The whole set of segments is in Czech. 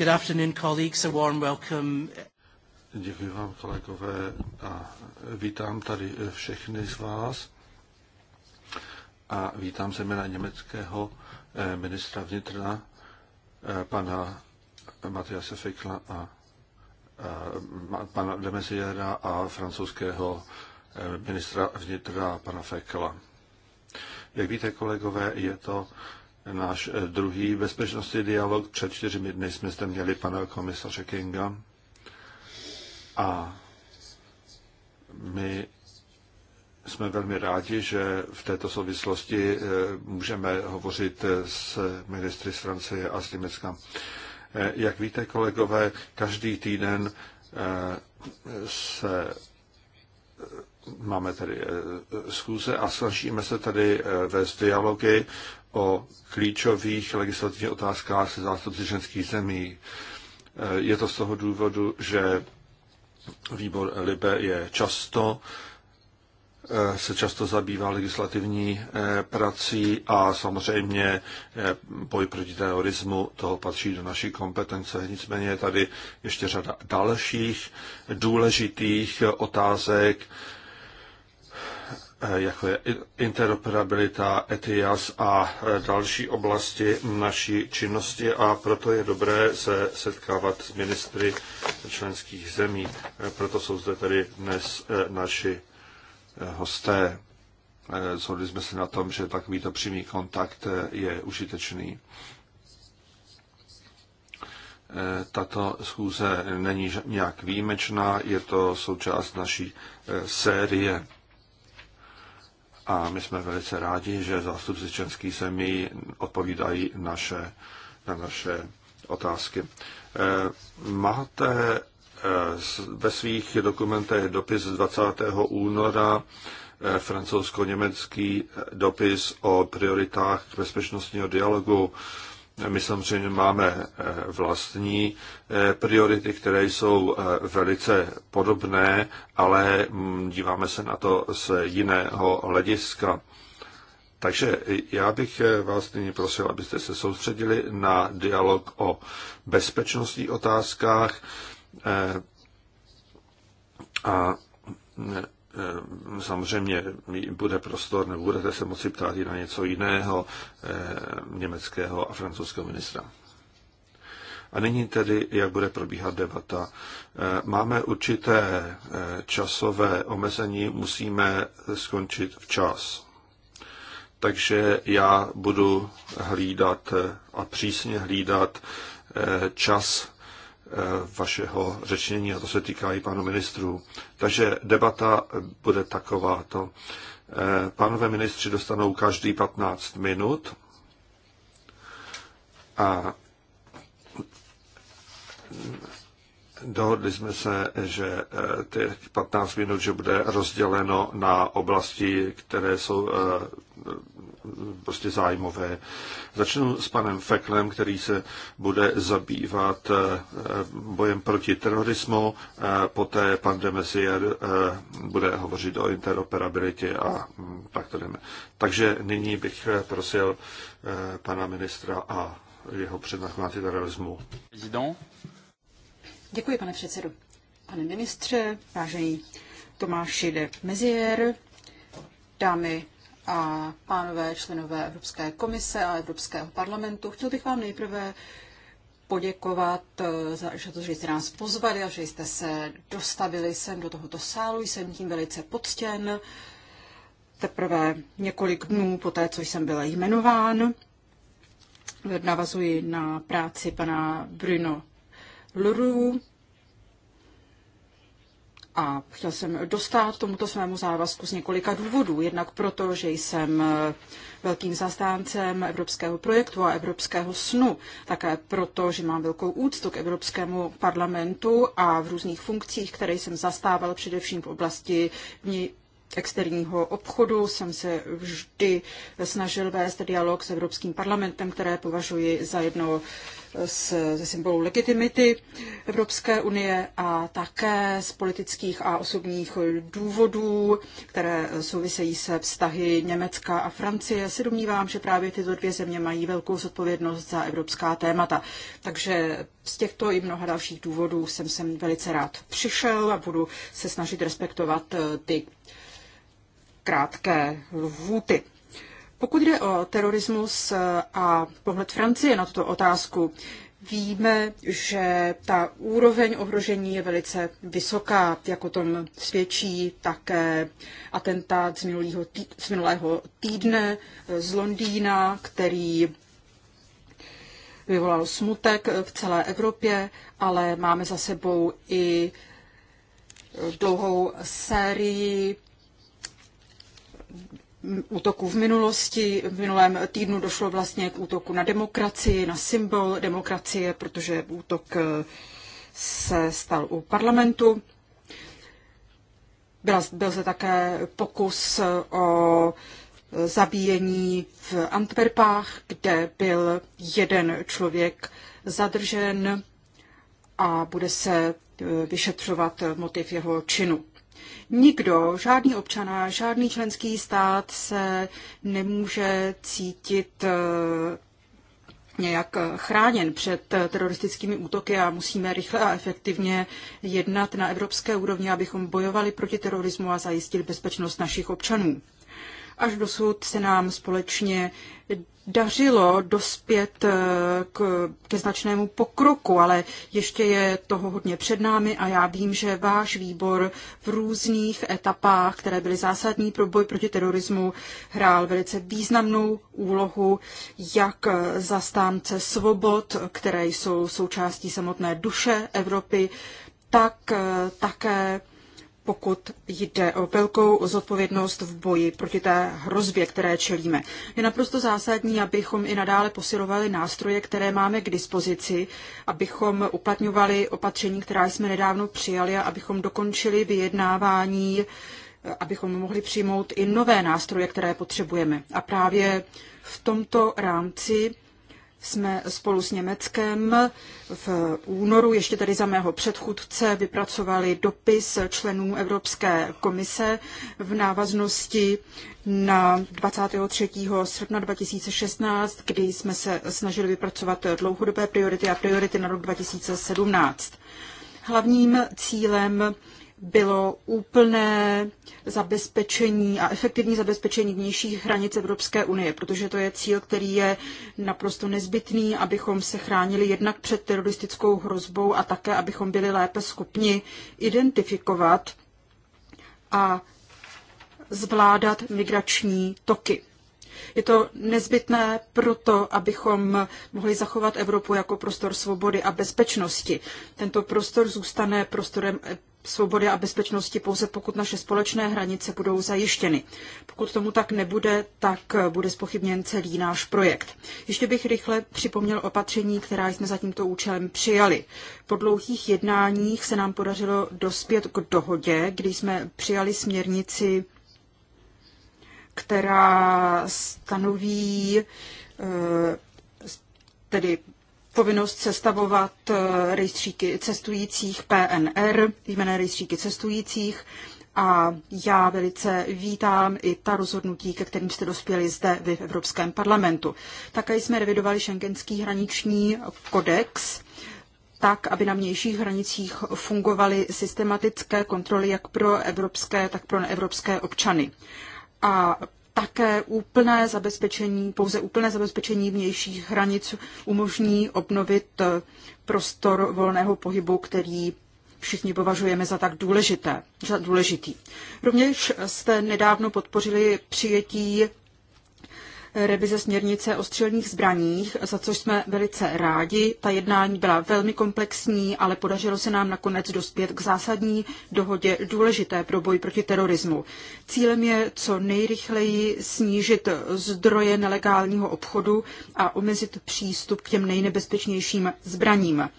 Good afternoon, colleagues. A warm welcome. Děkuji vám, kolegové, a vítám tady všechny z vás. A vítám zejména německého eh, ministra vnitra, eh, pana Matiase Fekla a, eh, a pana Demeziera a francouzského ministra vnitra, pana Fekla. Jak víte, kolegové, je to náš eh, druhý bezpečnostní dialog. Před čtyřmi dny jsme zde měli pana komisaře Kinga a my jsme velmi rádi, že v této souvislosti eh, můžeme hovořit eh, s ministry z Francie a z Německa. Jak víte, kolegové, každý týden se máme tady schůze a snažíme se tady vést dialogy o klíčových legislativních otázkách se zástupci ženských zemí. Eh, je to z toho důvodu, že výbor LIBE je často eh, se často zabývá legislativní eh, prací a samozřejmě boj proti terorismu toho patří do naší kompetence. Nicméně je tady ještě řada dalších důležitých otázek, Eh, jako je interoperabilita, ETIAS a eh, další oblasti naší činnosti a proto je dobré se setkávat s ministry členských zemí. Eh, proto jsou zde tedy dnes naši hosté. Zhodli jsme se na tom, že takovýto přímý kontakt je užitečný. Tato schůze není nějak výjimečná, je to součást naší série a my jsme velice rádi, že zástupci členských zemí odpovídají naše, na naše otázky. Eh, máte eh, ve svých dokumentech dopis z 20. února eh, francouzsko-německý dopis o prioritách bezpečnostního dialogu. My samozřejmě máme eh, vlastní eh, priority, které jsou eh, velice podobné, ale mm, díváme se na to z jiného hlediska. Takže já bych vás nyní prosil, abyste se soustředili na dialog o bezpečnostních otázkách a mm, Eh, samozřejmě bude prostor, nebo budete se moci ptát i na něco jiného eh, německého a francouzského ministra. A nyní tedy, jak bude probíhat debata. Eh, máme určité časové omezení, musíme skončit včas. Takže já budu hlídat a přísně hlídat čas Eh, vašeho řečnění, a to se týká i pánu ministrů. Takže debata bude takováto. Eh, pánové ministři dostanou každý 15 minut a dohodli jsme se, že eh, těch 15 minut že bude rozděleno na oblasti, které jsou prostě zájmové. Začnu s panem Feklem, který se bude zabývat eh, bojem proti terorismu, eh, poté pan Demesier eh, bude hovořit o interoperabilitě a mm, tak to jdeme. Takže nyní bych prosil pana ministra a jeho přednášku terorismu. Děkuji, pane předsedu. Pane ministře, vážení Tomáši de Mezier, dámy a pánové členové Evropské komise a Evropského parlamentu, chtěl bych vám nejprve poděkovat eh, za že to, že jste nás pozvali a že jste se dostavili sem do tohoto sálu. Jsem tím velice poctěn. Teprve několik dnů po té, co jsem byla jmenován, navazuji na práci pana Bruno Luru, a chtěl jsem dostat tomuto svému závazku z několika důvodů. Jednak proto, že jsem eh, velkým zastáncem evropského projektu a evropského snu. Také proto, že mám velkou úctu k Evropskému parlamentu a v různých funkcích, které jsem zastával především v oblasti externího obchodu jsem se vždy snažil vést dialog s Evropským parlamentem, které považuji za jedno z, ze symbolů legitimity Evropské unie a také z politických a osobních důvodů, které souvisejí se vztahy Německa a Francie, se domnívám, že právě tyto dvě země mají velkou zodpovědnost za evropská témata. Takže z těchto i mnoha dalších důvodů jsem sem velice rád přišel a budu se snažit respektovat ty krátké lhůty. Pokud jde o terorismus a pohled Francie na tuto otázku, víme, že ta úroveň ohrožení je velice vysoká, jak o tom svědčí také atentát z, minulého tý, z minulého týdne z Londýna, který vyvolal smutek v celé Evropě, ale máme za sebou i dlouhou sérii Mm, útoků v minulosti. V minulém týdnu došlo vlastně k útoku na demokracii, na symbol demokracie, protože útok eh, se stal u parlamentu. Byl, byl se také pokus eh, o eh, zabíjení v Antwerpách, kde byl jeden člověk zadržen a bude se vyšetřovat motiv jeho činu. Nikdo, žádný občan, žádný členský stát se nemůže cítit eh, nějak eh, chráněn před eh, teroristickými útoky a musíme rychle a efektivně jednat na evropské úrovni, abychom bojovali proti terorismu a zajistili bezpečnost našich občanů. Až dosud se nám společně dařilo dospět eh, k, ke značnému pokroku, ale ještě je toho hodně před námi a já vím, že váš výbor v různých etapách, které byly zásadní pro boj proti terorismu, hrál velice významnou úlohu, jak zastánce svobod, které jsou součástí samotné duše Evropy, tak eh, také pokud jde o velkou zodpovědnost v boji proti té hrozbě, které čelíme. Je naprosto zásadní, abychom i nadále posilovali nástroje, které máme k dispozici, abychom uplatňovali opatření, která jsme nedávno přijali a abychom dokončili vyjednávání, abychom mohli přijmout i nové nástroje, které potřebujeme. A právě v tomto rámci jsme spolu s Německem v únoru, ještě tady za mého předchůdce, vypracovali dopis členů Evropské komise v návaznosti na 23. srpna 2016, kdy jsme se snažili vypracovat dlouhodobé priority a priority na rok 2017. Hlavním cílem bylo úplné zabezpečení a efektivní zabezpečení vnějších hranic Evropské unie, protože to je cíl, který je naprosto nezbytný, abychom se chránili jednak před teroristickou hrozbou a také, abychom byli lépe schopni identifikovat a zvládat migrační toky. Je to nezbytné proto, abychom mohli zachovat Evropu jako prostor svobody a bezpečnosti. Tento prostor zůstane prostorem svobody a bezpečnosti pouze pokud naše společné hranice budou zajištěny. Pokud tomu tak nebude, tak bude spochybněn celý náš projekt. Ještě bych rychle připomněl opatření, která jsme za tímto účelem přijali. Po dlouhých jednáních se nám podařilo dospět k dohodě, kdy jsme přijali směrnici, která stanoví eh, tedy povinnost sestavovat eh, rejstříky cestujících PNR, jména rejstříky cestujících, a já velice vítám i ta rozhodnutí, ke kterým jste dospěli zde vy v Evropském parlamentu. Také jsme revidovali šengenský hraniční kodex, tak, aby na vnějších hranicích fungovaly systematické kontroly jak pro evropské, tak pro neevropské občany. A také úplné zabezpečení, pouze úplné zabezpečení vnějších hranic umožní obnovit eh, prostor volného pohybu, který všichni považujeme za tak důležité, za důležitý. Rovněž jste nedávno podpořili přijetí revize směrnice o střelných zbraních, za což jsme velice rádi. Ta jednání byla velmi komplexní, ale podařilo se nám nakonec dospět k zásadní dohodě důležité pro boj proti terorismu. Cílem je co nejrychleji snížit zdroje nelegálního obchodu a omezit přístup k těm nejnebezpečnějším zbraním.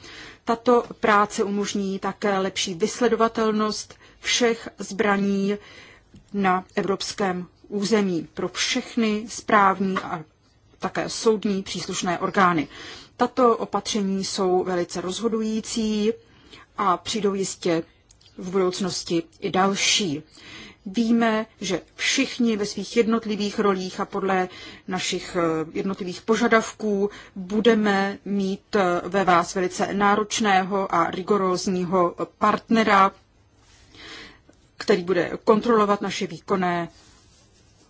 Tato práce umožní také lepší vysledovatelnost všech zbraní na evropském území pro všechny správní a také soudní příslušné orgány. Tato opatření jsou velice rozhodující a přijdou jistě v budoucnosti i další. Víme, že všichni ve svých jednotlivých rolích a podle našich eh, jednotlivých požadavků budeme mít eh, ve vás velice náročného a rigorózního partnera, který bude kontrolovat naše výkonné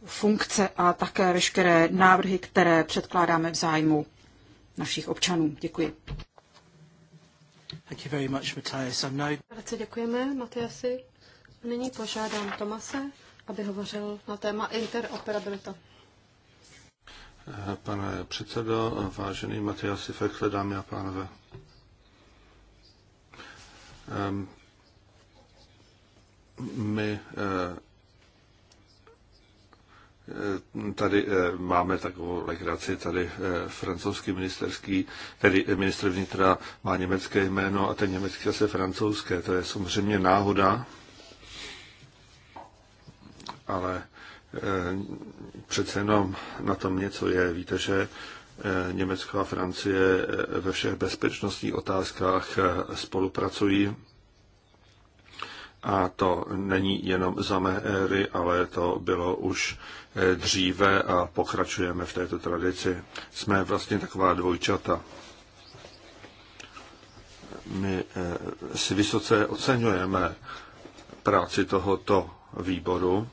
funkce a také veškeré návrhy, které předkládáme v zájmu našich občanů. Děkuji. Thank you very much, Matthias. I'm now... Velice děkujeme, Matiasi. Nyní požádám Tomase, aby hovořil na téma interoperabilita. Pane předsedo, vážený Matiasi Fekle, dámy a pánové. my eh, Eh, tady eh, máme takovou legraci, tady eh, francouzský ministerský, tedy ministr vnitra má německé jméno a ten německý zase francouzské. To je samozřejmě náhoda, ale přece jenom na tom něco je. Víte, že Německo a Francie ve všech bezpečnostních otázkách spolupracují a to není jenom za mé éry, ale to bylo už eh, dříve a pokračujeme v této tradici. Jsme vlastně taková dvojčata. My eh, si vysoce oceňujeme práci tohoto výboru.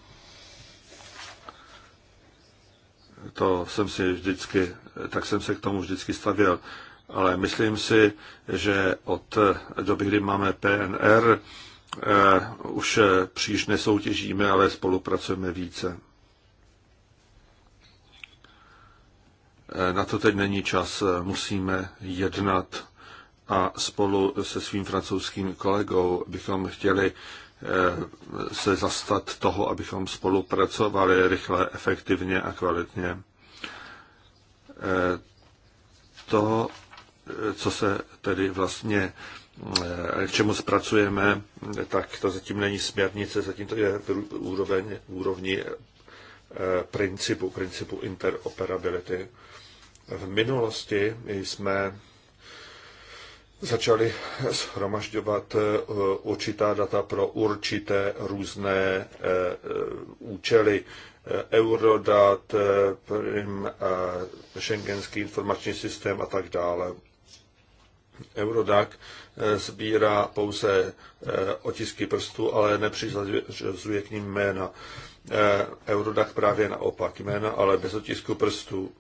To jsem si vždycky, tak jsem se k tomu vždycky stavěl. Ale myslím si, že od doby, kdy máme PNR, Eh, už eh, příliš nesoutěžíme, ale spolupracujeme více. Eh, na to teď není čas, musíme jednat a spolu se svým francouzským kolegou bychom chtěli se zastat toho, abychom spolupracovali rychle, efektivně a kvalitně. To, co se tedy vlastně Eh, k čemu zpracujeme, tak to zatím není směrnice, zatím to je úroveň, úrovni eh, principu, principu interoperability. V minulosti jsme začali shromažďovat eh, určitá data pro určité různé účely. Eurodat, prim, Schengenský informační systém a tak dále. Eurodac Eh, sbírá pouze eh, otisky prstů, ale nepřizazuje k ním jména. Eh, Eurodac právě naopak jména, ale bez otisku prstů.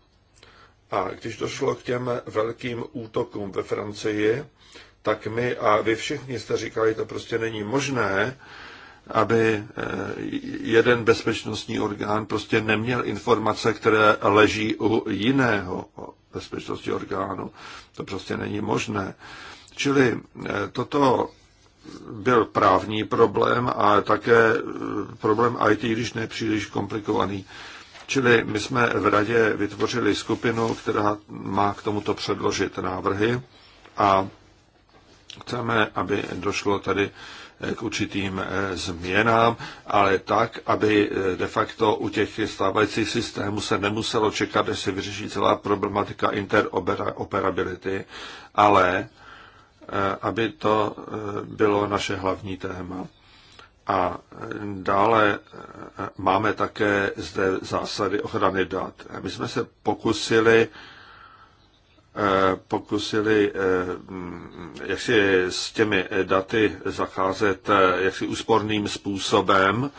A když došlo k těm velkým útokům ve Francii, tak my a vy všichni jste říkali, to prostě není možné, aby jeden bezpečnostní orgán prostě neměl informace, které leží u jiného bezpečnostního orgánu. To prostě není možné. Čili eh, toto byl právní problém a také eh, problém IT, když příliš komplikovaný. Čili my jsme v radě vytvořili skupinu, která má k tomuto předložit návrhy a chceme, aby došlo tady eh, k určitým změnám, ale tak, aby de facto u těch stávajících systémů se nemuselo čekat, že se vyřeší celá problematika interoperability, ale Eh, aby to eh, bylo naše hlavní téma. A dále eh, máme také zde zásady ochrany dat. My jsme se pokusili pokusili jak si s těmi daty zacházet jaksi úsporným způsobem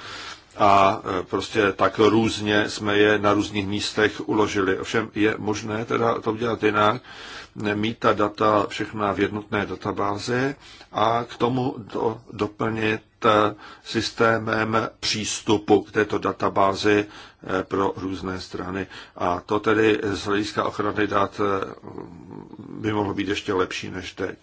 a prostě tak různě jsme je na různých místech uložili. Ovšem je možné teda to udělat jinak mít ta data všechna v jednotné databáze a k tomu do, doplnit eh, systémem přístupu k této databázi eh, pro různé strany. A to tedy z hlediska ochrany dat eh, by mohlo být ještě lepší než teď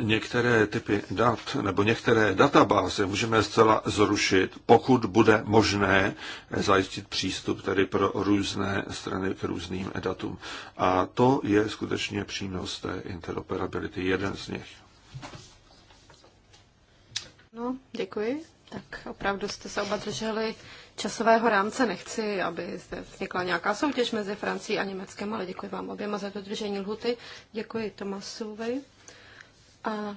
některé typy dat nebo některé databáze můžeme zcela zrušit, pokud bude možné zajistit přístup tedy pro různé strany k různým datům. A to je skutečně přínos té interoperability, jeden z nich. No, děkuji. Tak opravdu jste se oba drželi časového rámce. Nechci, aby zde vznikla nějaká soutěž mezi Francií a Německem, ale děkuji vám oběma za dodržení lhuty. Děkuji Tomasovi. A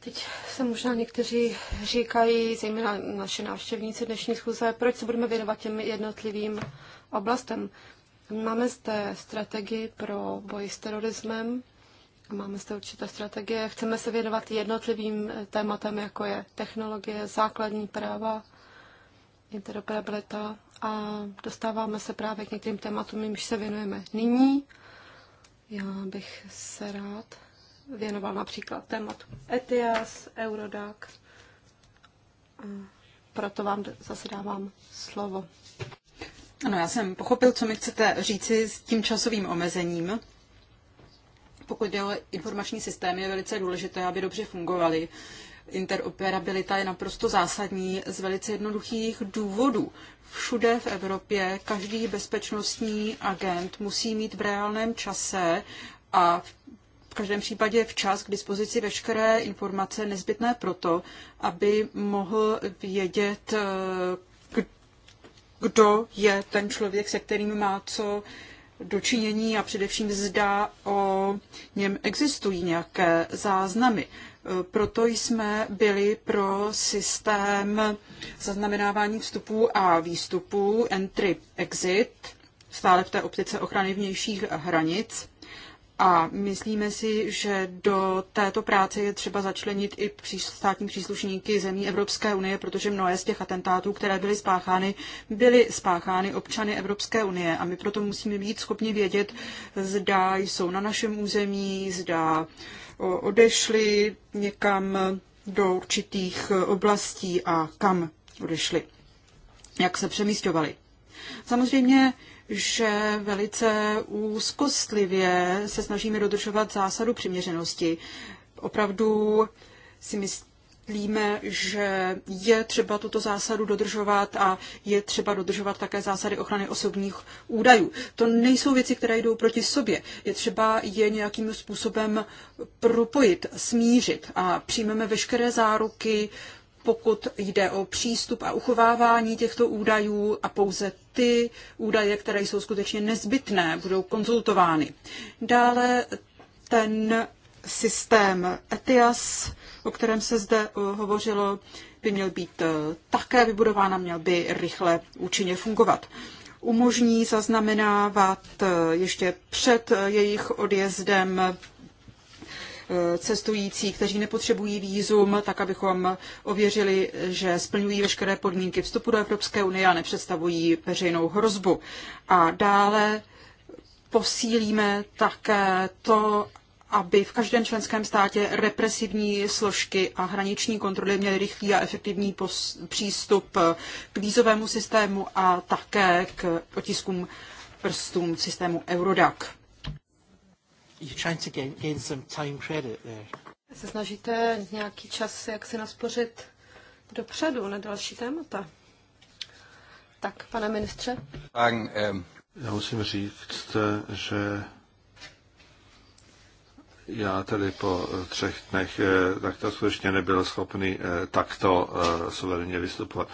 Teď se možná někteří říkají, zejména naše návštěvníci dnešní schůze, proč se budeme věnovat těm jednotlivým oblastem. Máme zde strategii pro boj s terorismem, máme zde určité strategie, chceme se věnovat jednotlivým tématem, jako je technologie, základní práva, interoperabilita a dostáváme se právě k některým tématům, jimž se věnujeme nyní. Já bych se rád věnoval například tématu ETIAS, Eurodac. A proto vám zase dávám slovo. Ano, já jsem pochopil, co mi chcete říci s tím časovým omezením. Pokud jde o informační systém, je velice důležité, aby dobře fungovaly. Interoperabilita je naprosto zásadní z velice jednoduchých důvodů. Všude v Evropě každý bezpečnostní agent musí mít v reálném čase a každém případě včas k dispozici veškeré informace nezbytné proto, aby mohl vědět, eh, kdo je ten člověk, se kterým má co dočinění a především zda o něm existují nějaké záznamy. Eh, proto jsme byli pro systém zaznamenávání vstupů a výstupů entry-exit, stále v té optice ochrany vnějších hranic. A myslíme si, že do této práce je třeba začlenit i státní příslušníky zemí Evropské unie, protože mnohé z těch atentátů, které byly spáchány, byly spáchány občany Evropské unie. A my proto musíme být schopni vědět, zda jsou na našem území, zda odešli někam do určitých oblastí a kam odešli, jak se přemístovali. Samozřejmě že velice úzkostlivě se snažíme dodržovat zásadu přiměřenosti. Opravdu si myslíme, že je třeba tuto zásadu dodržovat a je třeba dodržovat také zásady ochrany osobních údajů. To nejsou věci, které jdou proti sobě. Je třeba je nějakým způsobem propojit, smířit a přijmeme veškeré záruky pokud jde o přístup a uchovávání těchto údajů a pouze ty údaje, které jsou skutečně nezbytné, budou konzultovány. Dále ten systém ETIAS, o kterém se zde eh, hovořilo, by měl být eh, také vybudován a měl by rychle účinně fungovat. Umožní zaznamenávat eh, ještě před jejich odjezdem cestující, kteří nepotřebují výzum, tak abychom ověřili, že splňují veškeré podmínky vstupu do Evropské unie a nepředstavují veřejnou hrozbu. A dále posílíme také to, aby v každém členském státě represivní složky a hraniční kontroly měly rychlý a efektivní přístup k vízovému systému a také k otiskům prstům systému Eurodac. You're trying to gain, gain some time credit there. Se snažíte nějaký čas, jak si naspořit dopředu na další témata. Tak, pane ministře. Ähm, já musím říct, že já tedy po třech dnech eh, takto skutečně nebyl schopný eh, takto eh, suverénně vystupovat.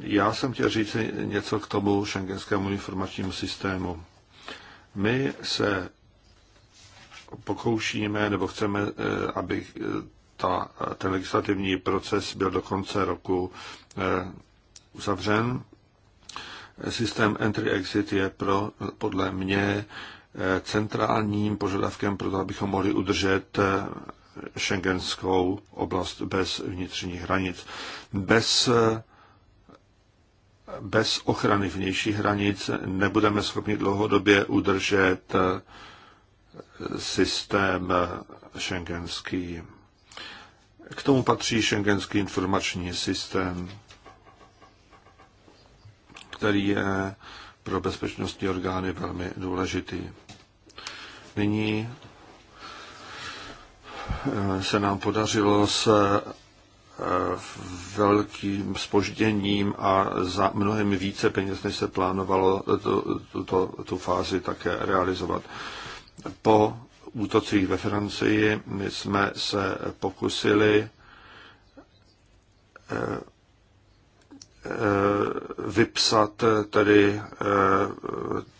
Já jsem chtěl říct něco k tomu šengenskému informačnímu systému. My se pokoušíme, nebo chceme, eh, aby eh, ta, eh, ten legislativní proces byl do konce roku uzavřen. Systém entry-exit je pro, podle mě centrálním požadavkem pro to, abychom mohli udržet šengenskou oblast bez vnitřních hranic. Bez, bez ochrany vnějších hranic nebudeme schopni dlouhodobě udržet systém šengenský. K tomu patří šengenský informační systém, který je pro bezpečnostní orgány velmi důležitý. Nyní eh, se nám podařilo s eh, velkým spožděním a za mnohem více peněz, než se plánovalo, tu, tu, tu, tu fázi také realizovat po útocích ve Francii my jsme se pokusili eh, eh, vypsat tedy eh,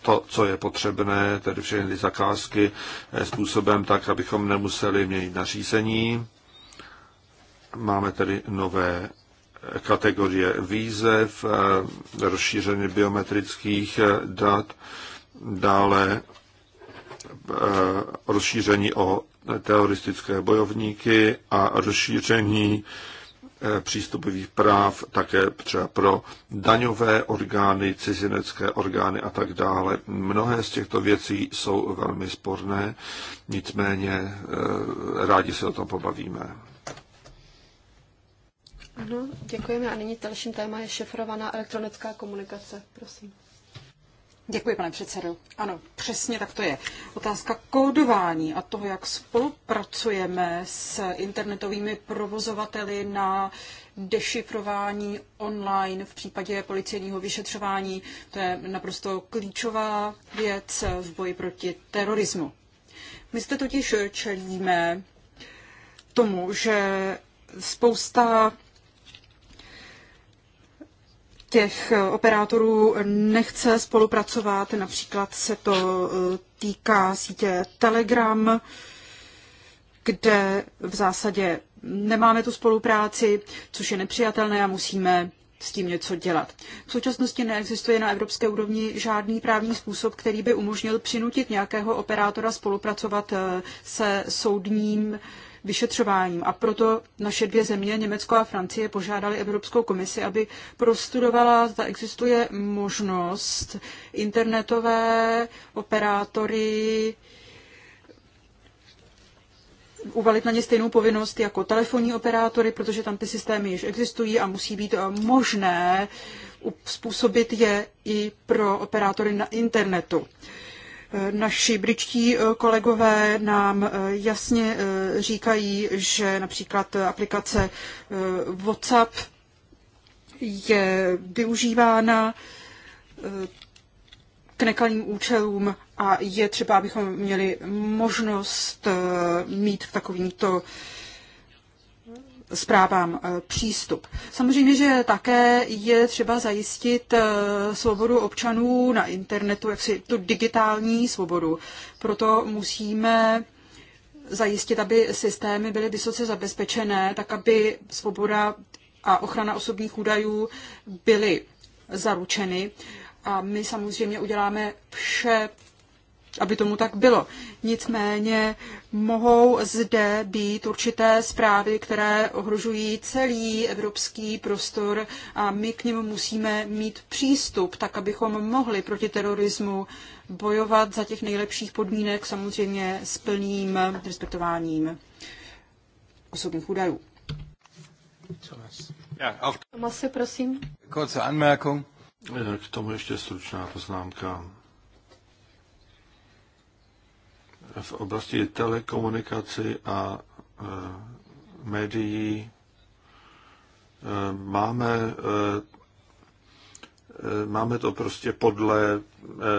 to, co je potřebné, tedy všechny ty zakázky způsobem tak, abychom nemuseli měnit nařízení. Máme tedy nové kategorie výzev, rozšíření biometrických dat, dále Eh, rozšíření o teroristické bojovníky a rozšíření eh, přístupových práv také třeba pro daňové orgány, cizinecké orgány a tak dále. Mnohé z těchto věcí jsou velmi sporné, nicméně eh, rádi se o tom pobavíme. Ano, děkujeme. A nyní dalším téma je šifrovaná elektronická komunikace. Prosím. Děkuji, pane předsedo. Ano, přesně tak to je. Otázka kódování a toho, jak spolupracujeme s internetovými provozovateli na dešifrování online v případě policejního vyšetřování, to je naprosto klíčová věc v boji proti terorismu. My zde totiž čelíme tomu, že spousta těch eh, operátorů nechce spolupracovat, například se to eh, týká sítě Telegram, kde v zásadě nemáme tu spolupráci, což je nepřijatelné a musíme s tím něco dělat. V současnosti neexistuje na evropské úrovni žádný právní způsob, který by umožnil přinutit nějakého operátora spolupracovat eh, se soudním vyšetřováním. A proto naše dvě země, Německo a Francie, požádali Evropskou komisi, aby prostudovala, zda existuje možnost internetové operátory uvalit na ně stejnou povinnost jako telefonní operátory, protože tam ty systémy již existují a musí být eh, možné způsobit je i pro operátory na internetu. Naši britští eh, kolegové nám eh, jasně eh, říkají, že například aplikace WhatsApp je využívána k nekalým účelům a je třeba, abychom měli možnost mít v takovýmto zprávám eh, přístup. Samozřejmě, že také je třeba zajistit eh, svobodu občanů na internetu, jaksi tu digitální svobodu. Proto musíme zajistit, aby systémy byly vysoce zabezpečené, tak aby svoboda a ochrana osobních údajů byly zaručeny. A my samozřejmě uděláme vše aby tomu tak bylo. Nicméně mohou zde být určité zprávy, které ohrožují celý evropský prostor a my k němu musíme mít přístup, tak abychom mohli proti terorismu bojovat za těch nejlepších podmínek, samozřejmě s plným respektováním osobních údajů. Tomasi, prosím. K tomu ještě stručná poznámka. v oblasti telekomunikaci a e, médií e, máme, e, máme to prostě podle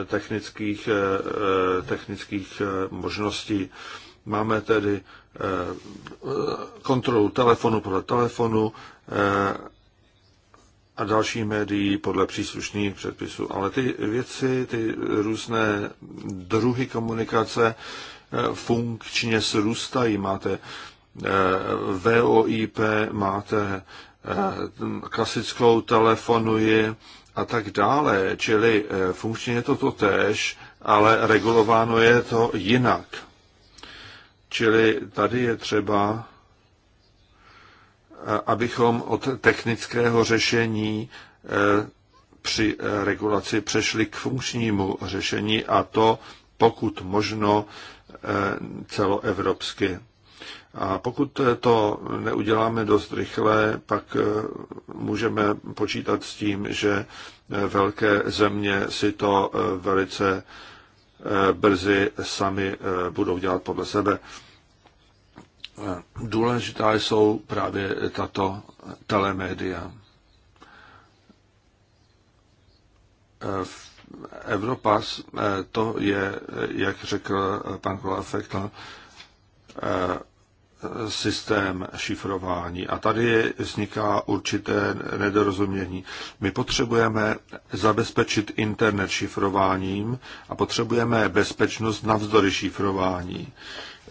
technických, technických možností. Máme tedy kontrolu telefonu podle telefonu, a další médií podle příslušných předpisů. Ale ty věci, ty různé druhy komunikace eh, funkčně srůstají. Máte eh, VOIP, máte eh, klasickou telefonuji a tak dále. Čili funkčně je to tež, ale regulováno je to jinak. Čili tady je třeba Eh, abychom od technického řešení eh, při eh, regulaci přešli k funkčnímu řešení a to pokud možno celoevropsky. A pokud to neuděláme dost rychle, pak můžeme počítat s tím, že velké země si to velice brzy sami budou dělat podle sebe. Eh, důležitá jsou právě tato telemédia. Eh, Evropas, eh, to je, jak řekl pan Kola Fekl, systém šifrování. A tady vzniká určité nedorozumění. My potřebujeme zabezpečit internet šifrováním a potřebujeme bezpečnost navzdory šifrování.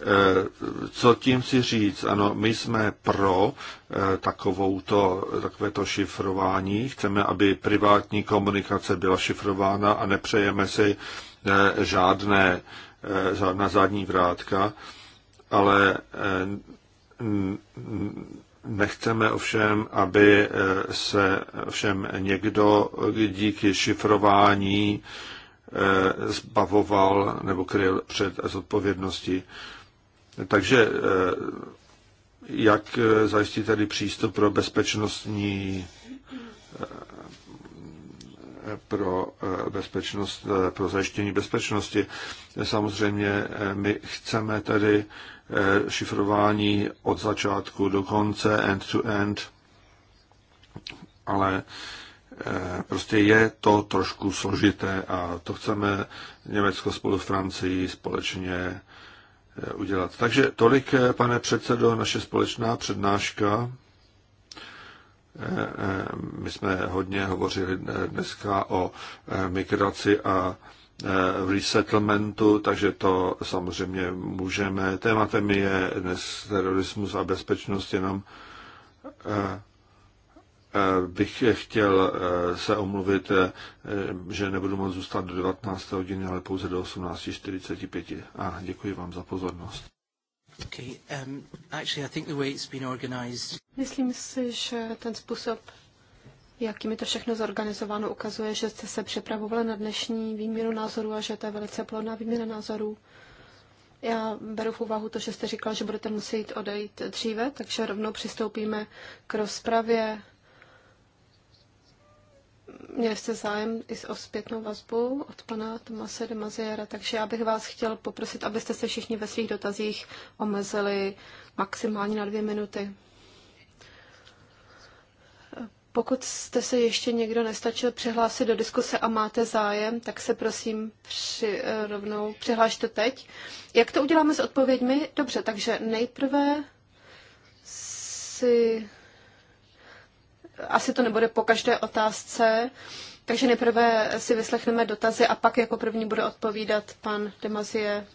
Eh, co tím si říct? Ano, my jsme pro eh, takovouto, takovéto šifrování. Chceme, aby privátní komunikace byla šifrována a nepřejeme si eh, žádné, žádná zadní vrátka, ale Nechceme ovšem, aby se všem někdo díky šifrování zbavoval nebo kryl před zodpovědností. Takže eh, jak eh, zajistit tedy přístup pro bezpečnostní eh, pro bezpečnost, pro zajištění bezpečnosti. Samozřejmě my chceme tedy šifrování od začátku do konce, end to end, ale prostě je to trošku složité a to chceme Německo spolu s Francií společně Eh, udělat. Takže tolik, eh, pane předsedo, naše společná přednáška. Eh, my jsme hodně hovořili dneska o migraci a v resettlementu, takže to samozřejmě můžeme. Tématem je dnes terorismus a bezpečnost jenom Eh, bych chtěl eh, se omluvit, eh, že nebudu moc zůstat do 19. hodiny, ale pouze do 18.45. A děkuji vám za pozornost. Okay, um, actually, I think the way it's been organized... Myslím si, že ten způsob, jakým je to všechno zorganizováno, ukazuje, že jste se připravovali na dnešní výměnu názorů a že to je velice plodná výměna názorů. Já beru v úvahu to, že jste říkal, že budete muset odejít dříve, takže rovnou přistoupíme k rozpravě měli jste zájem i o zpětnou vazbu od pana Tomase de Maziera, takže já bych vás chtěl poprosit, abyste se všichni ve svých dotazích omezili maximálně na dvě minuty. Pokud jste se ještě někdo nestačil přihlásit do diskuse a máte zájem, tak se prosím při, eh, rovnou přihlášte teď. Jak to uděláme s odpověďmi? Dobře, takže nejprve si asi to nebude po každé otázce, takže nejprve si vyslechneme dotazy a pak jako první bude odpovídat pan Demazie.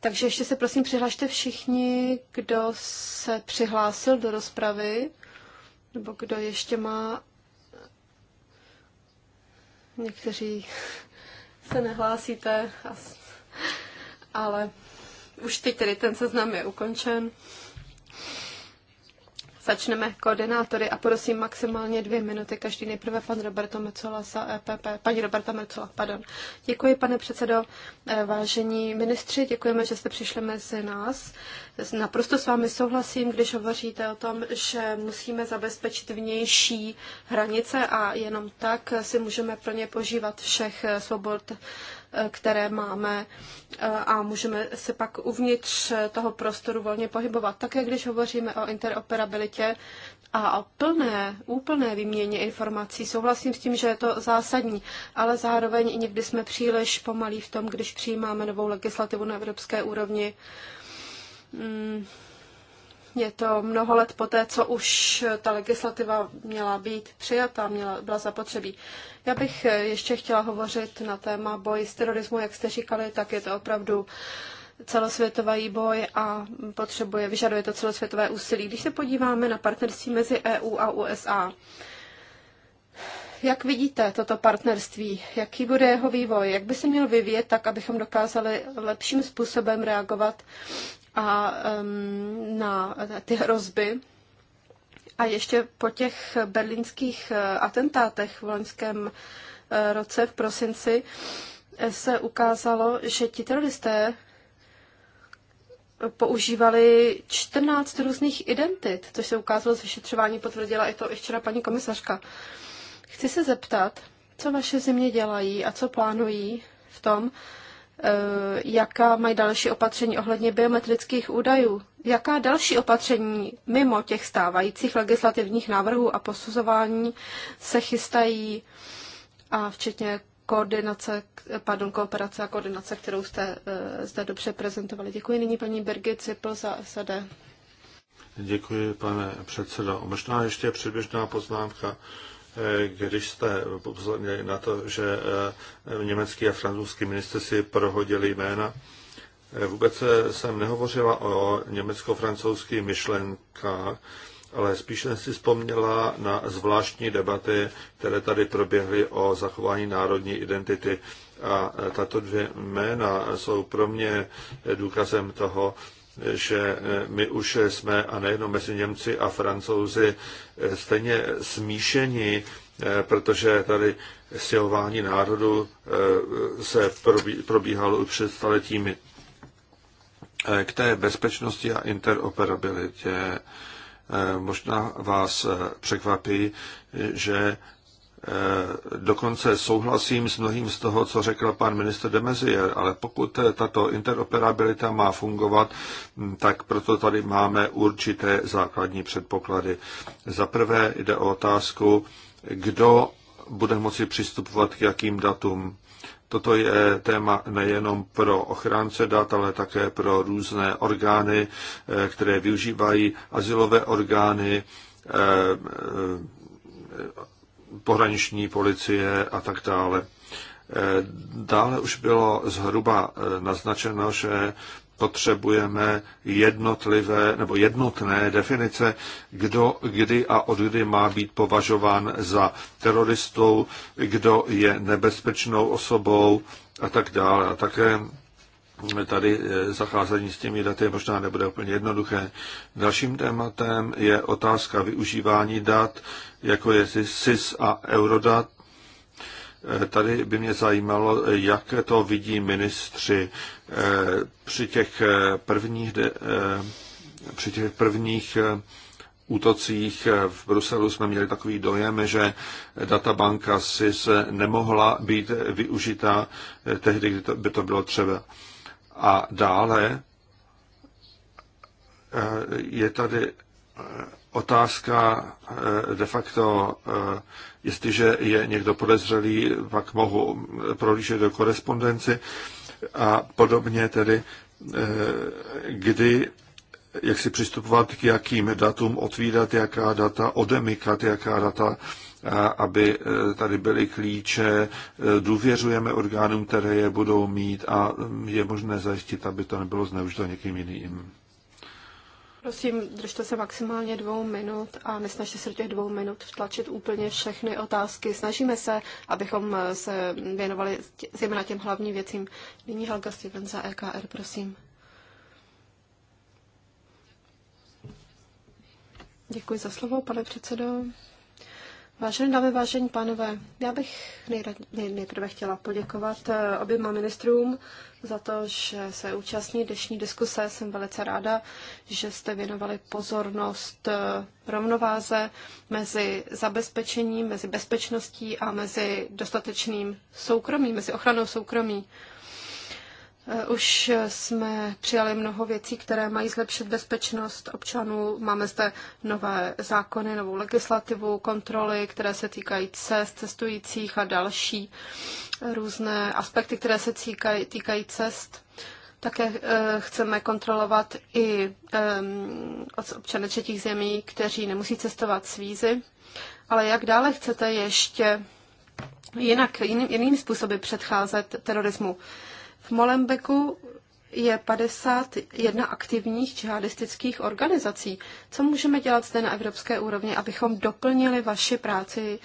Takže ještě se prosím přihlašte všichni, kdo se přihlásil do rozpravy, nebo kdo ještě má... Někteří se nehlásíte, ale už teď tedy ten seznam je ukončen. Začneme koordinátory a prosím maximálně dvě minuty. Každý nejprve pan Roberto Mecola za EPP. Paní Roberta Mecola, pardon. Děkuji, pane předsedo. Eh, vážení ministři, děkujeme, že jste přišli mezi nás. Naprosto s vámi souhlasím, když hovoříte o tom, že musíme zabezpečit vnější hranice a jenom tak si můžeme pro ně požívat všech eh, svobod které máme eh, a můžeme se pak uvnitř toho prostoru volně pohybovat. Také když hovoříme o interoperabilitě a o plné, úplné výměně informací, souhlasím s tím, že je to zásadní, ale zároveň někdy jsme příliš pomalí v tom, když přijímáme novou legislativu na evropské úrovni. Hmm je to mnoho let poté, co už ta legislativa měla být přijata, měla, byla zapotřebí. Já bych eh, ještě chtěla hovořit na téma boj s terorismu, jak jste říkali, tak je to opravdu celosvětový boj a potřebuje, vyžaduje to celosvětové úsilí. Když se podíváme na partnerství mezi EU a USA, jak vidíte toto partnerství? Jaký bude jeho vývoj? Jak by se měl vyvíjet tak, abychom dokázali lepším způsobem reagovat a na ty hrozby. A ještě po těch berlínských eh, atentátech v loňském eh, roce v prosinci eh, se ukázalo, že ti teroristé používali 14 různých identit, což se ukázalo z vyšetřování, potvrdila i to i včera paní komisařka. Chci se zeptat, co vaše země dělají a co plánují v tom, Eh, jaká mají další opatření ohledně biometrických údajů, jaká další opatření mimo těch stávajících legislativních návrhů a posuzování se chystají, a včetně koordinace, pardon, kooperace a koordinace, kterou jste eh, zde dobře prezentovali. Děkuji nyní paní Birgit Cipl za SAD. Děkuji, pane předsedo. Možná ještě předběžná poznámka když jste upozornili na to, že eh, německý a francouzský ministr si prohodili jména, eh, vůbec eh, jsem nehovořila o německo-francouzských myšlenkách, ale spíše si vzpomněla na zvláštní debaty, které tady proběhly o zachování národní identity. A tato dvě jména jsou pro mě důkazem toho, že eh, my už jsme, a nejenom mezi Němci a Francouzi, eh, stejně smíšení, eh, protože tady silování národu se probíhalo už před staletími. K té bezpečnosti a interoperabilitě možná vás překvapí, že Eh, dokonce souhlasím s mnohým z toho, co řekl pan minister Demezier, ale pokud eh, tato interoperabilita má fungovat, hm, tak proto tady máme určité základní předpoklady. Za prvé jde o otázku, kdo bude moci přistupovat k jakým datům. Toto je téma nejenom pro ochránce dat, ale také pro různé orgány, eh, které využívají azylové orgány, pohraniční policie a tak dále. E, dále už bylo zhruba e, naznačeno, že potřebujeme jednotlivé nebo jednotné definice, kdo, kdy a od kdy má být považován za teroristou, kdo je nebezpečnou osobou a tak dále. A také tady eh, zacházení s těmi daty možná nebude úplně jednoduché. Dalším tématem je otázka využívání dat, jako je SIS a Eurodat. Eh, tady by mě zajímalo, jak to vidí ministři eh, při těch prvních, při těch prvních útocích v Bruselu jsme měli takový dojem, že databanka SIS nemohla být využita tehdy, kdy to, by to bylo třeba. A dále eh, je tady eh, otázka eh, de facto, jestliže je někdo podezřelý, pak mohu prohlížet do korespondenci a podobně tedy, kdy jak si přistupovat k jakým datům, otvírat jaká data, odemykat jaká data aby eh, tady byly klíče, eh, důvěřujeme orgánům, které je budou mít a mm, je možné zajistit, aby to nebylo zneužito někým jiným. Prosím, držte se maximálně dvou minut a nesnažte se do těch dvou minut vtlačit úplně všechny otázky. Snažíme se, abychom eh, se věnovali zejména těm hlavním věcím. Nyní Helga Steven za EKR, prosím. Děkuji za slovo, pane předsedo. Vážené dámy, vážení pánové, já bych nejprve chtěla poděkovat eh, oběma ministrům za to, že se účastní dnešní diskuse. Jsem velice ráda, že jste věnovali pozornost eh, rovnováze mezi zabezpečením, mezi bezpečností a mezi dostatečným soukromím, mezi ochranou soukromí. Eh, už jsme přijali mnoho věcí, které mají zlepšit bezpečnost občanů. Máme zde nové zákony, novou legislativu, kontroly, které se týkají cest, cestujících a další různé aspekty, které se týkají, týkají cest. Také e, chceme kontrolovat i e, občany třetích zemí, kteří nemusí cestovat s vízy. Ale jak dále chcete ještě jinak, jiným, jinými způsoby předcházet terorismu? E, v Molembeku je 51 aktivních džihadistických organizací. Co můžeme dělat zde na evropské úrovni, abychom doplnili vaši práci?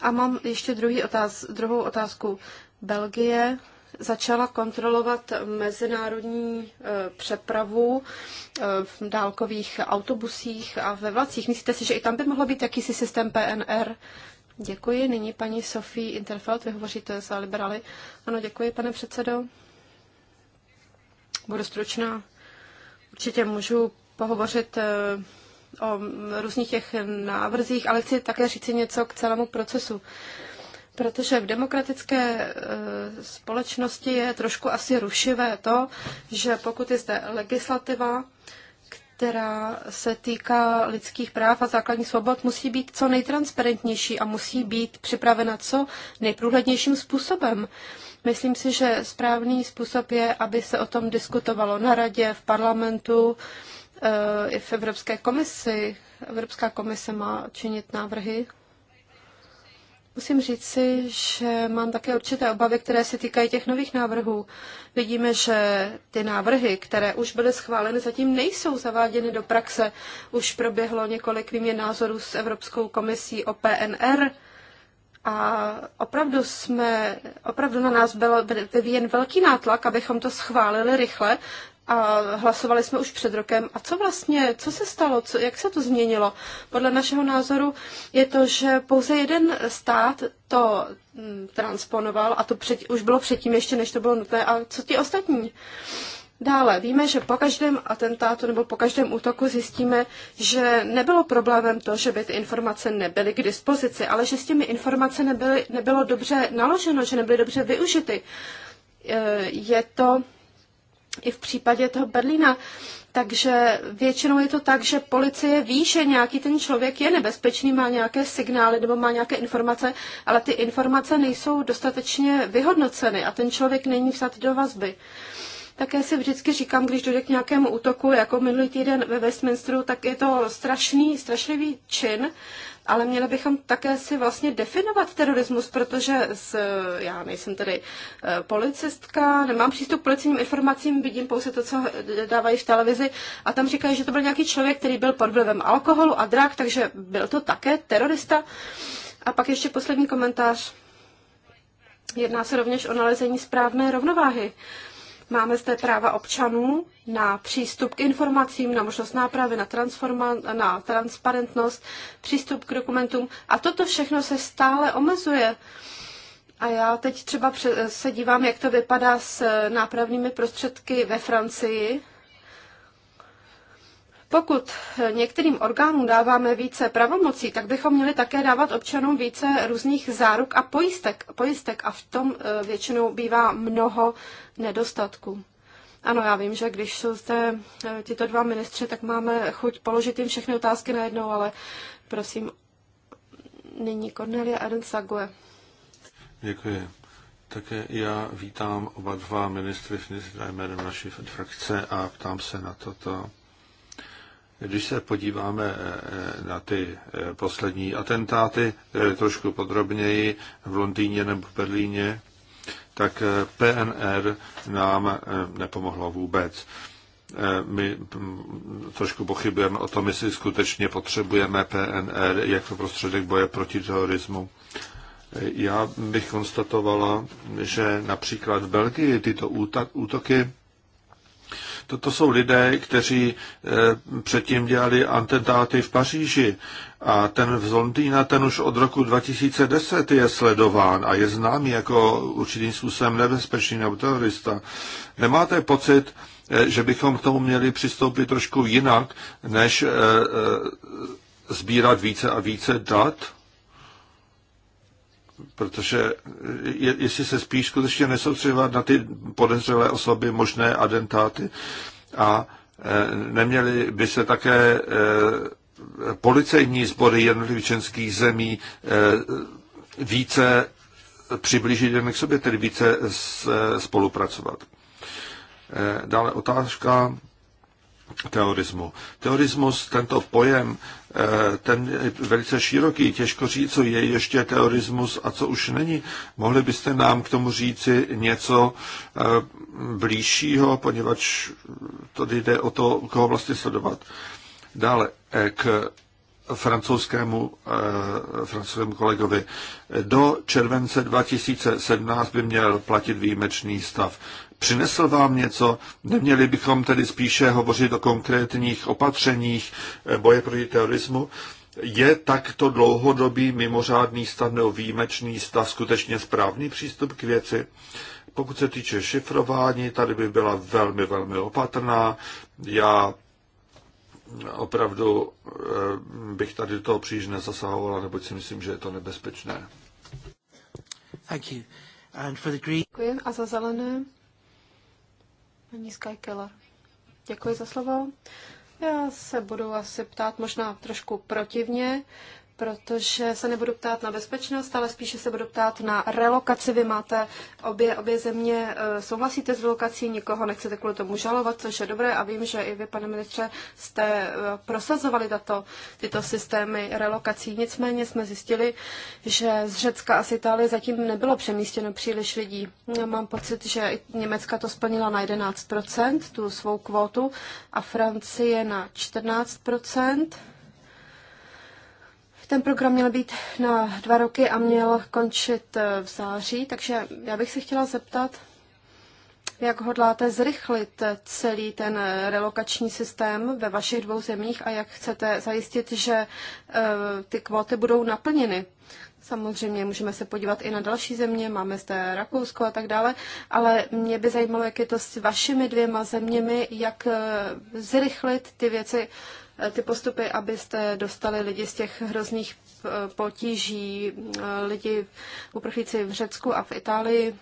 A mám ještě druhý otáz, druhou otázku. Belgie začala kontrolovat mezinárodní e, přepravu e, v dálkových autobusích a ve vlacích. Myslíte si, že i tam by mohlo být jakýsi systém PNR? Děkuji. Nyní paní Sofie Interfeld, vy hovoříte za liberály. Ano, děkuji, pane předsedo. Budu stručná. Určitě můžu pohovořit eh, o různých těch návrzích, ale chci také říci něco k celému procesu. Protože v demokratické eh, společnosti je trošku asi rušivé to, že pokud je zde legislativa, která se týká lidských práv a základních svobod, musí být co nejtransparentnější a musí být připravena co nejprůhlednějším způsobem. Myslím si, že správný způsob je, aby se o tom diskutovalo na radě, v parlamentu, eh, i v Evropské komisi. Evropská komise má činit návrhy Musím říci, že mám také určité obavy, které se týkají těch nových návrhů. Vidíme, že ty návrhy, které už byly schváleny, zatím nejsou zaváděny do praxe. Už proběhlo několik výměn názorů s Evropskou komisí o PNR. A opravdu jsme, opravdu na nás byl vyvíjen velký nátlak, abychom to schválili rychle, a hlasovali jsme už před rokem. A co vlastně, co se stalo, co, jak se to změnilo? Podle našeho názoru je to, že pouze jeden stát to mm, transponoval a to před, už bylo předtím ještě, než to bylo nutné. A co ti ostatní? Dále víme, že po každém atentátu nebo po každém útoku zjistíme, že nebylo problémem to, že by ty informace nebyly k dispozici, ale že s těmi informace nebyly, nebylo dobře naloženo, že nebyly dobře využity. E, je to i v případě toho Berlína. Takže většinou je to tak, že policie ví, že nějaký ten člověk je nebezpečný, má nějaké signály nebo má nějaké informace, ale ty informace nejsou dostatečně vyhodnoceny a ten člověk není vzat do vazby. Také si vždycky říkám, když dojde k nějakému útoku, jako minulý týden ve Westminsteru, tak je to strašný, strašlivý čin, ale měli bychom také si vlastně definovat terorismus, protože s, já nejsem tedy eh, policistka, nemám přístup k policijním informacím, vidím pouze to, co dávají v televizi a tam říkají, že to byl nějaký člověk, který byl pod vlivem alkoholu a drak, takže byl to také terorista. A pak ještě poslední komentář. Jedná se rovněž o nalezení správné rovnováhy. Uh, Máme zde práva občanů na přístup k informacím, na možnost nápravy, na, na transparentnost, přístup k dokumentům. A toto všechno se stále omezuje. A já teď třeba se dívám, jak to vypadá s nápravnými prostředky ve Francii, pokud některým orgánům dáváme více pravomocí, tak bychom měli také dávat občanům více různých záruk a pojistek, pojistek a v tom eh, většinou bývá mnoho nedostatků. Ano, já vím, že když jsou zde eh, tyto dva ministři, tak máme chuť položit jim všechny otázky najednou, ale prosím, nyní Cornelia Ernst Sague. Děkuji. Také já vítám oba dva ministry s jménem naší frakce a ptám se na toto. Když se podíváme eh, eh, na ty eh, poslední atentáty trošku podrobněji v Londýně nebo v Berlíně, tak PNR nám nepomohlo vůbec. My hm, trošku pochybujeme o tom, jestli skutečně potřebujeme PNR jako prostředek boje proti terorismu. Já bych konstatovala, že například v Belgii tyto útoky to, to jsou lidé, kteří eh, předtím dělali atentáty v Paříži a ten v Zondýna, ten už od roku 2010 je sledován a je známý jako určitým způsobem nebezpečný nebo terorista. Nemáte pocit, eh, že bychom k tomu měli přistoupit trošku jinak, než eh, sbírat více a více dat? protože je, jestli se spíš skutečně nesoustředovat na ty podezřelé osoby, možné adentáty a e, neměli by se také e, policejní sbory jednotlivých členských zemí e, více přiblížit jen k sobě, tedy více s, e, spolupracovat. E, dále otázka teorismu. Teorismus, tento pojem, eh, ten je velice široký, těžko říct, co je ještě teorismus a co už není. Mohli byste nám k tomu říci něco eh, blížšího, poněvadž to jde o to, koho vlastně sledovat. Dále eh, k francouzskému, francouzskému kolegovi. Do července 2017 by měl platit výjimečný stav. Přinesl vám něco? Neměli bychom tedy spíše hovořit o konkrétních opatřeních eh, boje proti terorismu? Je takto dlouhodobý mimořádný stav nebo výjimečný stav skutečně správný přístup k věci? Pokud se týče šifrování, tady by byla velmi, velmi opatrná. Já opravdu eh, bych tady toho příliš nezasahovala, neboť si myslím, že je to nebezpečné. Thank you. And for the green... Děkuji. A za zelené Paní Sky Keller. Děkuji za slovo. Já se budu asi ptát možná trošku protivně protože se nebudu ptát na bezpečnost, ale spíše se budu ptát na relokaci. Vy máte obě, obě země, eh, souhlasíte s relokací, nikoho nechcete kvůli tomu žalovat, což je dobré a vím, že i vy, pane ministře, jste eh, prosazovali tato, tyto systémy relokací. Nicméně jsme zjistili, že z Řecka a z Itálie zatím nebylo přemístěno příliš lidí. Mám pocit, že Německa to splnila na 11%, tu svou kvótu, a Francie na 14%. Ten program měl být na dva roky a měl končit eh, v září, takže já bych se chtěla zeptat, jak hodláte zrychlit eh, celý ten eh, relokační systém ve vašich dvou zemích a jak chcete zajistit, že ty kvóty budou naplněny? Samozřejmě můžeme se podívat i na další země, máme zde Rakousko a tak dále, ale mě by zajímalo, jak je to s vašimi dvěma zeměmi, jak zrychlit ty věci ty postupy, abyste dostali lidi z těch hrozných eh, potíží, eh, lidi uprchlíci v Řecku a v Itálii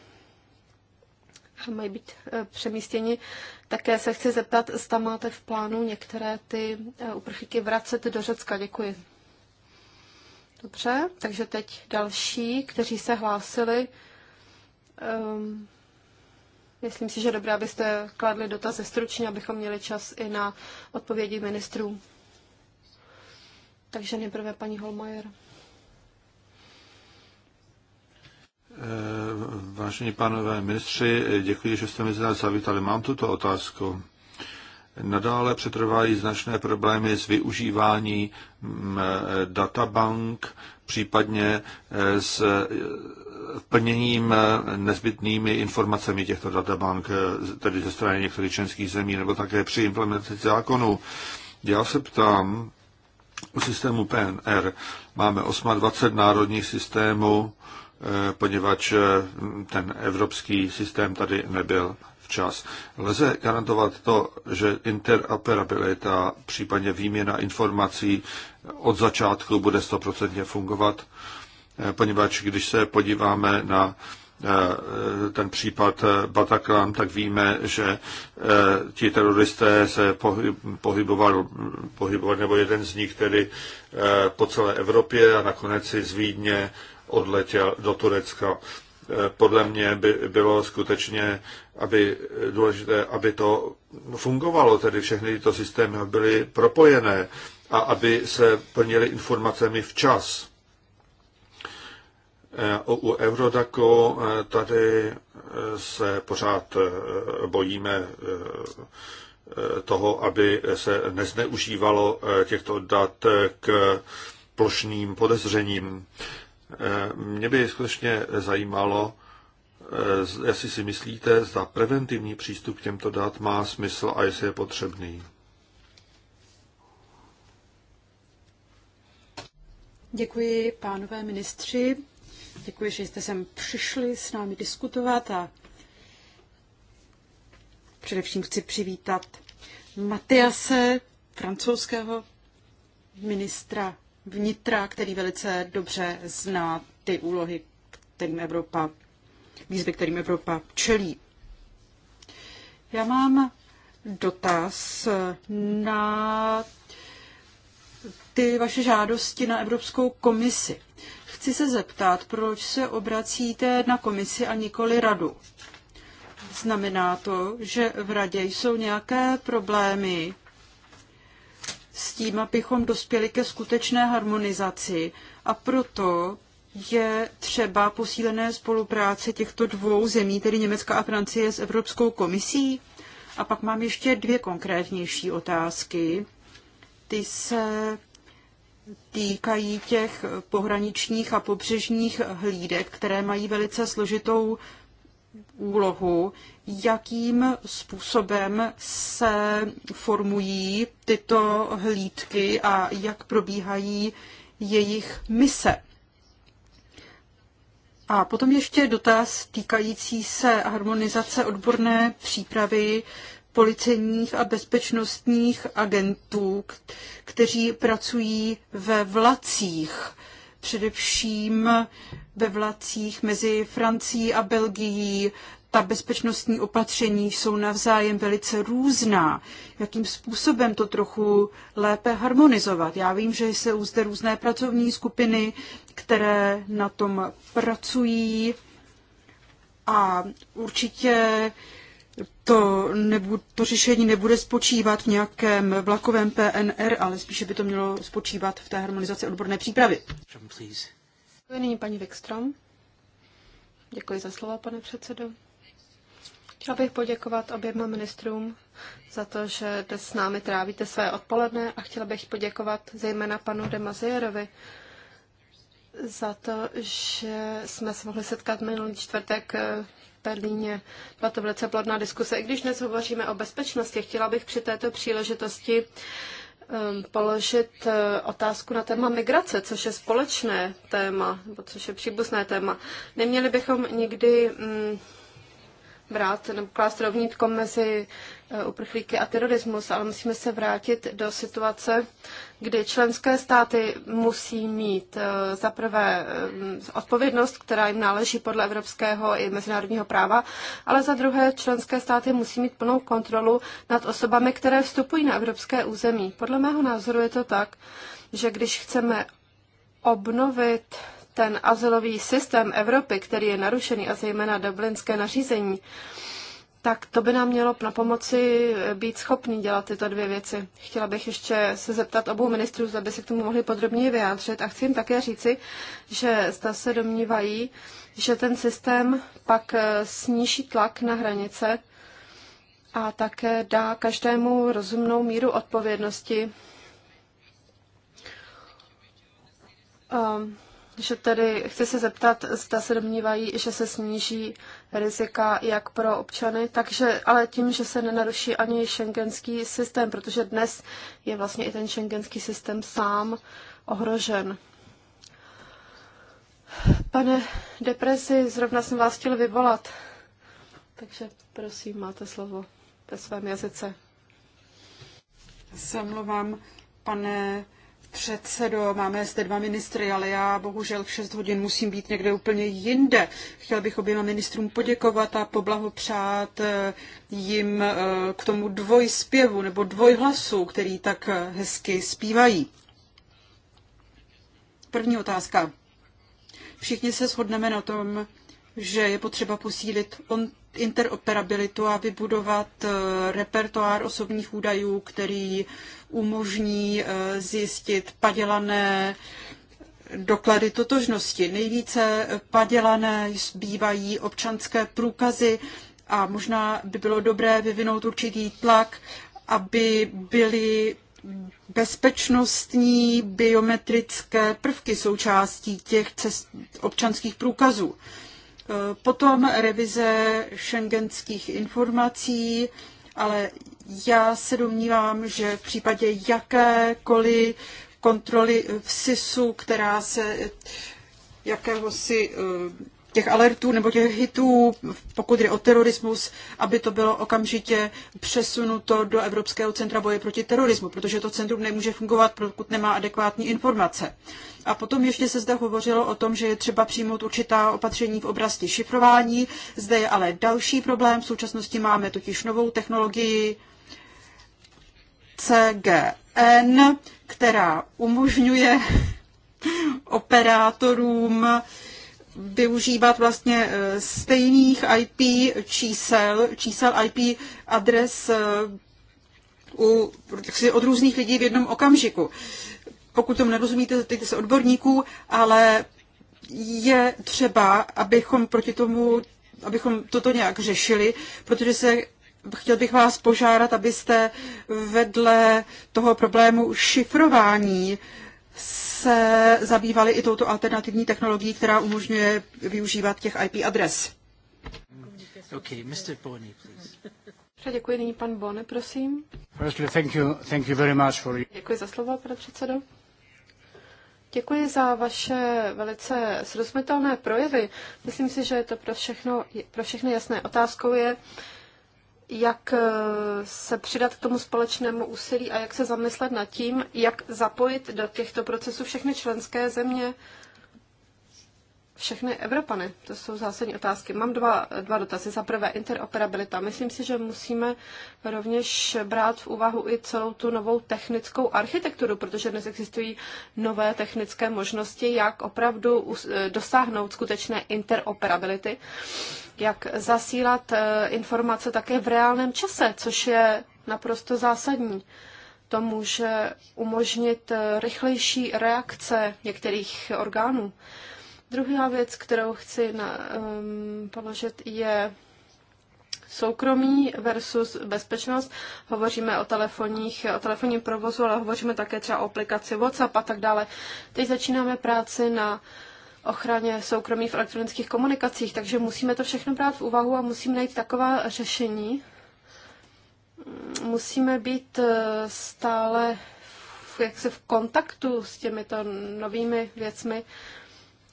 mají být eh, přemístěni. Také se chci zeptat, zda máte v plánu některé ty uprchlíky vracet do Řecka. Děkuji. Dobře, takže teď další, kteří se hlásili. Um, Myslím si, že dobré, abyste kladli dotazy stručně, abychom měli čas i na odpovědi ministrů. Takže nejprve paní Holmajer. Eh, vážení pánové ministři, děkuji, že jste mezi nás zavítali. Mám tuto otázku. Nadále přetrvají značné problémy s využíváním mm, eh, databank, případně eh, s plněním eh, nezbytnými informacemi těchto databank, eh, tedy ze strany některých členských zemí, nebo také při implementaci zákonu. Já se ptám, u systému PNR máme 28 národních systémů, eh, poněvadž ten evropský systém tady nebyl včas. Lze garantovat to, že interoperabilita, případně výměna informací od začátku bude stoprocentně fungovat? Eh, poněvadž když se podíváme na eh, ten případ eh, Bataclan, tak víme, že ti teroristé se pohybovali, pohyboval nebo jeden z nich tedy po celé Evropě a nakonec si z Vídně odletěl do Turecka. Podle mě by bylo skutečně aby, důležité, aby to fungovalo, tedy všechny tyto systémy byly propojené a aby se plnily informacemi včas. Eh, u Eurodaku eh, tady eh, se pořád bojíme toho, aby se nezneužívalo těchto dat k plošným podezřením. Mě by skutečně zajímalo, jestli si myslíte, zda preventivní přístup k těmto dat má smysl a jestli je potřebný. Děkuji, pánové ministři. Děkuji, že jste sem přišli s námi diskutovat a především chci přivítat Matiase, francouzského ministra vnitra, který velice dobře zná ty úlohy, kterým Evropa, výzvy, kterým Evropa čelí. Já mám dotaz na ty vaše žádosti na Evropskou komisi. Chci se zeptat, proč se obracíte na komisi a nikoli radu. Znamená to, že v radě jsou nějaké problémy s tím, abychom dospěli ke skutečné harmonizaci a proto je třeba posílené spolupráce těchto dvou zemí, tedy Německa a Francie, s Evropskou komisí? A pak mám ještě dvě konkrétnější otázky. Ty se týkají těch pohraničních a pobřežních hlídek, které mají velice složitou úlohu, jakým způsobem se formují tyto hlídky a jak probíhají jejich mise. A potom ještě dotaz týkající se harmonizace odborné přípravy policejních a bezpečnostních agentů, kteří pracují ve vlacích, především ve vlacích mezi Francií a Belgií. Ta bezpečnostní opatření jsou navzájem velice různá. Jakým způsobem to trochu lépe harmonizovat? Já vím, že jsou zde různé pracovní skupiny, které na tom pracují a určitě to, nebu, to řešení nebude spočívat v nějakém vlakovém PNR, ale spíše by to mělo spočívat v té harmonizaci odborné přípravy. Děkuji nyní paní Wikstrom. Děkuji za slova, pane předsedo. Chtěla bych poděkovat oběma ministrům za to, že dnes s námi trávíte své odpoledne a chtěla bych poděkovat zejména panu Demazierovi, za to, že jsme se mohli setkat minulý čtvrtek v Berlíně. Byla to velice plodná diskuse. I když dnes hovoříme o bezpečnosti, chtěla bych při této příležitosti um, položit uh, otázku na téma migrace, což je společné téma, nebo což je příbuzné téma. Neměli bychom nikdy mm, brát nebo klást rovnítko mezi Eh, uprchlíky a terorismus, ale musíme se vrátit do situace, kdy členské státy musí mít eh, zaprvé eh, odpovědnost, která jim náleží podle evropského i mezinárodního práva, ale za druhé členské státy musí mít plnou kontrolu nad osobami, které vstupují na evropské území. Podle mého názoru je to tak, že když chceme obnovit ten azylový systém Evropy, který je narušený a zejména dublinské nařízení, tak to by nám mělo na pomoci eh, být schopný dělat tyto dvě věci. Chtěla bych ještě se zeptat obou ministrů, zda by se k tomu mohli podrobněji vyjádřit a chci jim také říci, že zda se domnívají, že ten systém pak eh, sníží tlak na hranice a také dá každému rozumnou míru odpovědnosti. Um, že tedy chci se zeptat, zda se domnívají, že se sníží rizika jak pro občany, takže ale tím, že se nenaruší ani šengenský systém, protože dnes je vlastně i ten šengenský systém sám ohrožen. Pane Depresi, zrovna jsem vás chtěl vyvolat, takže prosím, máte slovo ve svém jazyce. Se mluvám, pane předsedo, máme zde dva ministry, ale já bohužel v 6 hodin musím být někde úplně jinde. Chtěl bych oběma ministrům poděkovat a poblahopřát eh, jim eh, k tomu dvojspěvu nebo dvojhlasu, který tak hezky zpívají. První otázka. Všichni se shodneme na tom, že je potřeba posílit on interoperabilitu a vybudovat eh, repertoár osobních údajů, který umožní eh, zjistit padělané doklady totožnosti. Nejvíce padělané zbývají občanské průkazy a možná by bylo dobré vyvinout určitý tlak, aby byly bezpečnostní biometrické prvky součástí těch cest, občanských průkazů. Eh, potom revize šengenských informací, ale já se domnívám, že v případě jakékoliv kontroly v SISu, která se jakéhosi eh, těch alertů nebo těch hitů, pokud jde o terorismus, aby to bylo okamžitě přesunuto do Evropského centra boje proti terorismu, protože to centrum nemůže fungovat, pokud nemá adekvátní informace. A potom ještě se zde hovořilo o tom, že je třeba přijmout určitá opatření v oblasti šifrování. Zde je ale další problém. V současnosti máme totiž novou technologii CGN, která umožňuje operátorům využívat vlastně eh, stejných IP čísel, čísel IP adres eh, u, od různých lidí v jednom okamžiku. Pokud tomu nerozumíte, zeptejte se odborníků, ale je třeba, abychom proti tomu, abychom toto nějak řešili, protože se chtěl bych vás požádat, abyste vedle toho problému šifrování uh, se zabývali i touto alternativní technologií, která umožňuje využívat těch IP adres. Okay, Mr. Bonny, Děkuji, nyní pan Bone, prosím. Děkuji za slovo, pane předsedo. Děkuji za vaše velice srozumitelné projevy. Myslím si, že je to pro, všechno, pro všechny jasné. Otázkou je, jak eh, se přidat k tomu společnému úsilí a jak se zamyslet nad tím, jak zapojit do těchto procesů všechny členské země, všechny Evropany? To jsou zásadní otázky. Mám dva, dva dotazy. Za prvé, interoperabilita. Myslím si, že musíme rovněž brát v úvahu i celou tu novou technickou architekturu, protože dnes existují nové technické možnosti, jak opravdu eh, dosáhnout skutečné interoperability, jak zasílat eh, informace také v reálném čase, což je naprosto zásadní to může umožnit eh, rychlejší reakce některých orgánů. Druhá věc, kterou chci na, um, položit, je soukromí versus bezpečnost. Hovoříme o telefonních, o telefonním provozu, ale hovoříme také třeba o aplikaci WhatsApp a tak dále. Teď začínáme práci na ochraně soukromí v elektronických komunikacích, takže musíme to všechno brát v úvahu a musíme najít taková řešení. Musíme být eh, stále jak se v kontaktu s těmito novými věcmi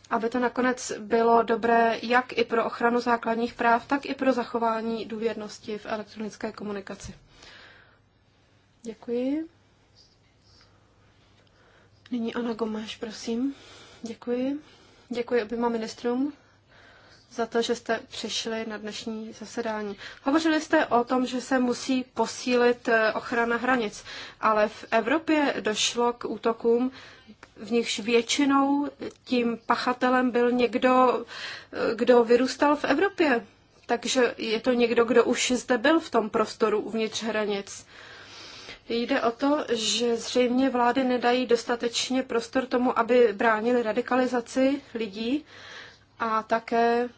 aby to nakonec bylo dobré jak i pro ochranu základních práv, tak i pro zachování důvěrnosti v elektronické komunikaci. Děkuji. Nyní Ana Gomáš, prosím. Děkuji. Děkuji oběma ministrům za to, že jste přišli na dnešní zasedání. Hovořili jste o tom, že se musí posílit eh, ochrana hranic, ale v Evropě došlo k útokům, v nichž většinou tím pachatelem byl někdo, eh, kdo vyrůstal v Evropě. Takže je to někdo, kdo už zde byl v tom prostoru uvnitř hranic. Jde o to, že zřejmě vlády nedají dostatečně prostor tomu, aby bránili radikalizaci lidí a také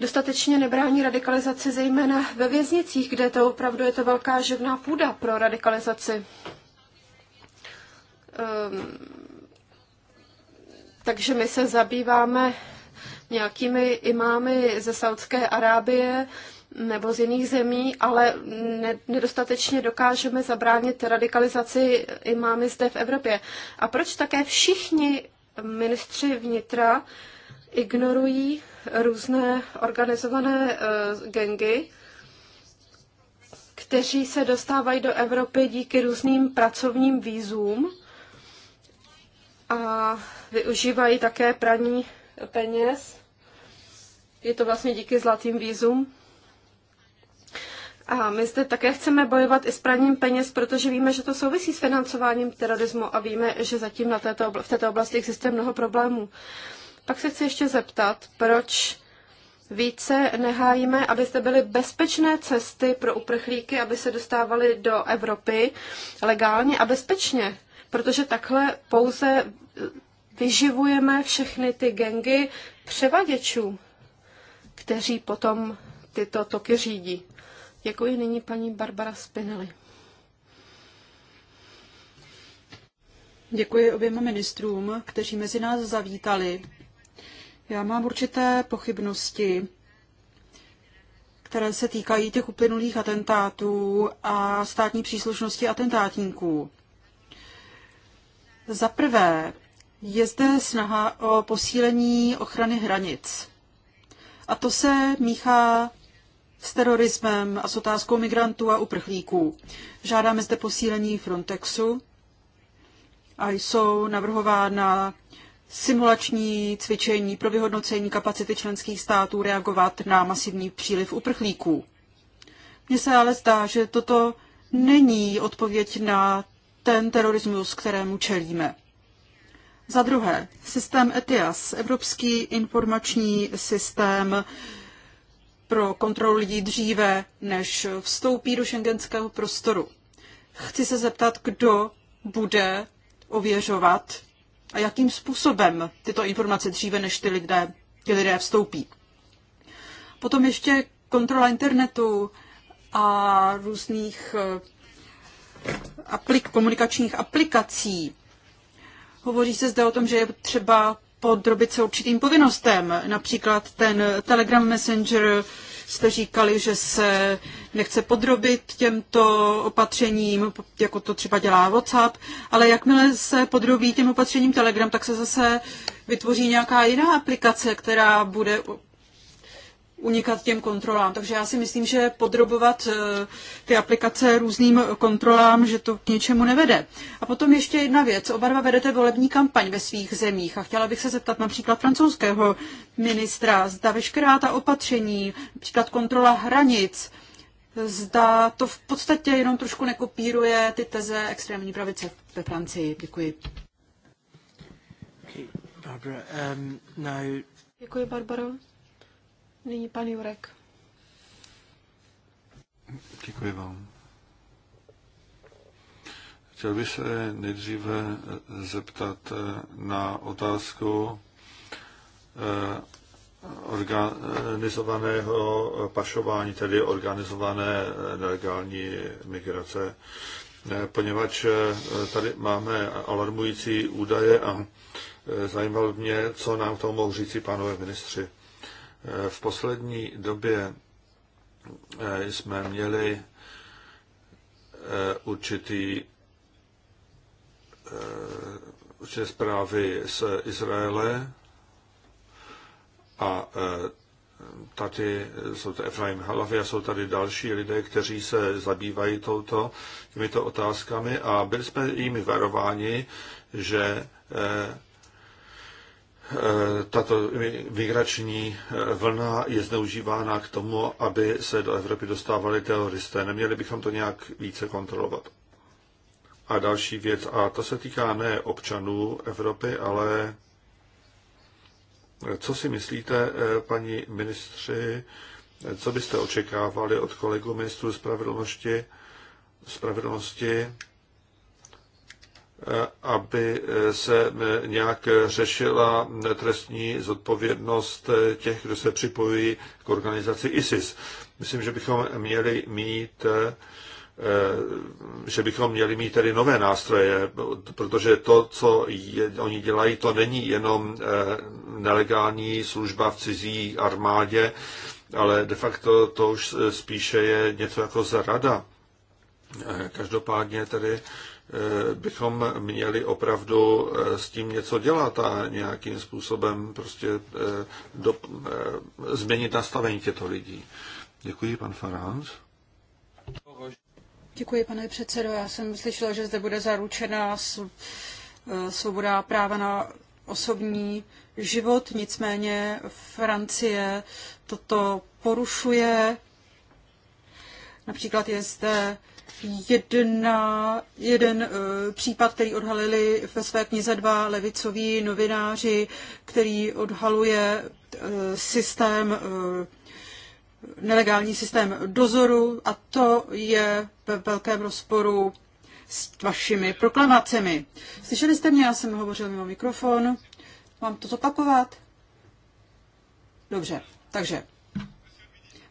dostatečně nebrání radikalizaci, zejména ve věznicích, kde to opravdu je to velká živná půda pro radikalizaci. Um, takže my se zabýváme nějakými imámy ze Saudské Arábie nebo z jiných zemí, ale nedostatečně dokážeme zabránit radikalizaci imámy zde v Evropě. A proč také všichni ministři vnitra ignorují různé organizované eh, gengy, kteří se dostávají do Evropy díky různým pracovním vízům a využívají také praní peněz. Je to vlastně díky zlatým vízům. A my zde také chceme bojovat i s praním peněz, protože víme, že to souvisí s financováním terorismu a víme, že zatím na této, v této oblasti existuje mnoho problémů. Pak se chci ještě zeptat, proč více nehájíme, aby zde byly bezpečné cesty pro uprchlíky, aby se dostávali do Evropy legálně a bezpečně. Protože takhle pouze vyživujeme všechny ty gengy převaděčů, kteří potom tyto toky řídí. Děkuji nyní paní Barbara Spinelli. Děkuji oběma ministrům, kteří mezi nás zavítali já mám určité pochybnosti, které se týkají těch uplynulých atentátů a státní příslušnosti atentátníků. Za prvé, je zde snaha o posílení ochrany hranic. A to se míchá s terorismem a s otázkou migrantů a uprchlíků. Žádáme zde posílení Frontexu a jsou navrhována simulační cvičení pro vyhodnocení kapacity členských států reagovat na masivní příliv uprchlíků. Mně se ale zdá, že toto není odpověď na ten terorismus, kterému čelíme. Za druhé, systém ETIAS, Evropský informační systém pro kontrolu lidí dříve, než vstoupí do šengenského prostoru. Chci se zeptat, kdo bude ověřovat a jakým způsobem tyto informace dříve, než ty lidé, ty lidé vstoupí. Potom ještě kontrola internetu a různých eh, aplik, komunikačních aplikací. Hovoří se zde o tom, že je třeba podrobit se určitým povinnostem, například ten Telegram Messenger, jste říkali, že se nechce podrobit těmto opatřením, jako to třeba dělá WhatsApp, ale jakmile se podrobí těm opatřením Telegram, tak se zase vytvoří nějaká jiná aplikace, která bude unikat těm kontrolám. Takže já si myslím, že podrobovat eh, ty aplikace různým kontrolám, že to k něčemu nevede. A potom ještě jedna věc. Oba dva vedete volební kampaň ve svých zemích a chtěla bych se zeptat například francouzského ministra, zda veškerá ta opatření, například kontrola hranic, zda to v podstatě jenom trošku nekopíruje ty teze extrémní pravice ve Francii. Děkuji. Okay, Barbara, um, now... Děkuji, Barbara. Nyní pan Jurek. Děkuji vám. Chtěl bych se nejdříve zeptat na otázku eh, organizovaného pašování, tedy organizované nelegální migrace, eh, poněvadž eh, tady máme alarmující údaje a zajímalo mě, co nám k tomu mohou říci pánové ministři. V poslední době eh, jsme měli eh, určitý eh, určité zprávy z Izraele a tady jsou to Efraim Halavy a jsou tady další lidé, kteří se zabývají touto, těmito otázkami a byli jsme jimi varováni, že Eh, tato migrační eh, vlna je zneužívána k tomu, aby se do Evropy dostávali teroristé. Neměli bychom to nějak více kontrolovat. A další věc, a to se týká ne občanů Evropy, ale eh, co si myslíte, paní ministři, co byste očekávali od kolegů ministrů spravedlnosti, spravedlnosti Eh, aby eh, se eh, nějak řešila trestní zodpovědnost těch, kdo se připojí k organizaci ISIS. Myslím, že bychom měli mít že bychom měli mít tedy nové nástroje, protože to, co je, oni dělají, to není jenom nelegální služba v cizí armádě, ale de facto to už spíše je něco jako zarada. Každopádně tedy Eh, bychom měli opravdu eh, s tím něco dělat a nějakým způsobem prostě eh, do, změnit nastavení těchto lidí. Děkuji, pan Faranz. Děkuji, pane předsedo. Já jsem slyšela, že zde bude zaručena svoboda práva na osobní život, nicméně Francie toto porušuje Například je zde jedna, jeden uh, případ, který odhalili ve své knize dva levicoví novináři, který odhaluje uh, systém, uh, nelegální systém dozoru a to je ve velkém rozporu s vašimi proklamacemi. Slyšeli jste mě, já jsem hovořil mimo mikrofon. Mám to zopakovat? Dobře, takže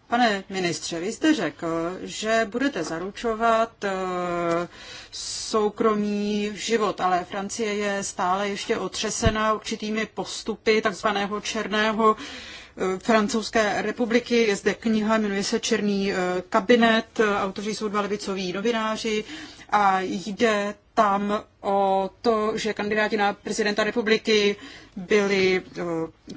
Pane ministře, vy jste řekl, že budete zaručovat eh, soukromý život, ale Francie je stále ještě otřesena určitými postupy takzvaného černého eh, francouzské republiky. Je zde kniha, jmenuje se Černý eh, kabinet, autoři jsou dva levicoví novináři a jde tam o to, že kandidáti na prezidenta republiky byli eh,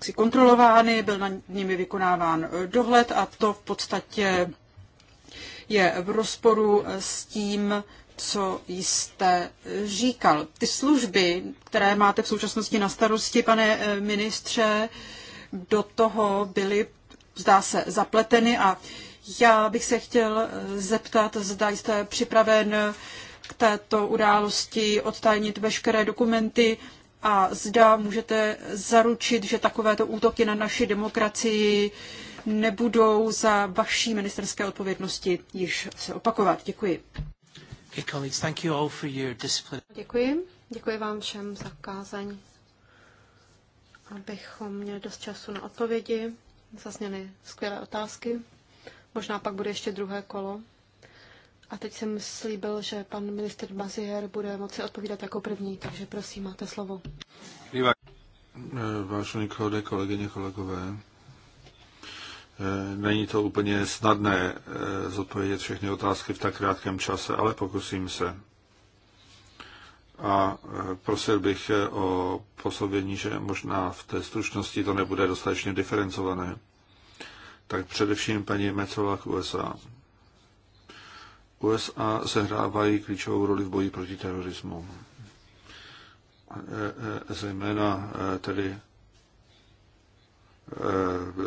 si kontrolovány, byl na nimi vykonáván eh, dohled a to v podstatě je v rozporu s tím, co jste říkal. Ty služby, které máte v současnosti na starosti, pane eh, ministře, do toho byly, zdá se, zapleteny a já bych se chtěl eh, zeptat, zda jste připraven k této události odtajnit veškeré dokumenty a zda můžete zaručit, že takovéto útoky na naši demokracii nebudou za vaší ministerské odpovědnosti již se opakovat. Děkuji. Děkuji. Děkuji vám všem za kázeň, abychom měli dost času na odpovědi. Zazněly skvělé otázky. Možná pak bude ještě druhé kolo. A teď jsem slíbil, že pan minister Mazier bude moci odpovídat jako první, takže prosím, máte slovo. Eh, Vážení kolegy, kolegyně, kolegové, eh, není to úplně snadné eh, zodpovědět všechny otázky v tak krátkém čase, ale pokusím se. A prosil bych o posoudění, že možná v té stručnosti to nebude dostatečně diferencované tak především paní Mecová k USA. USA sehrávají klíčovou roli v boji proti terorismu. E, e, zejména e, tedy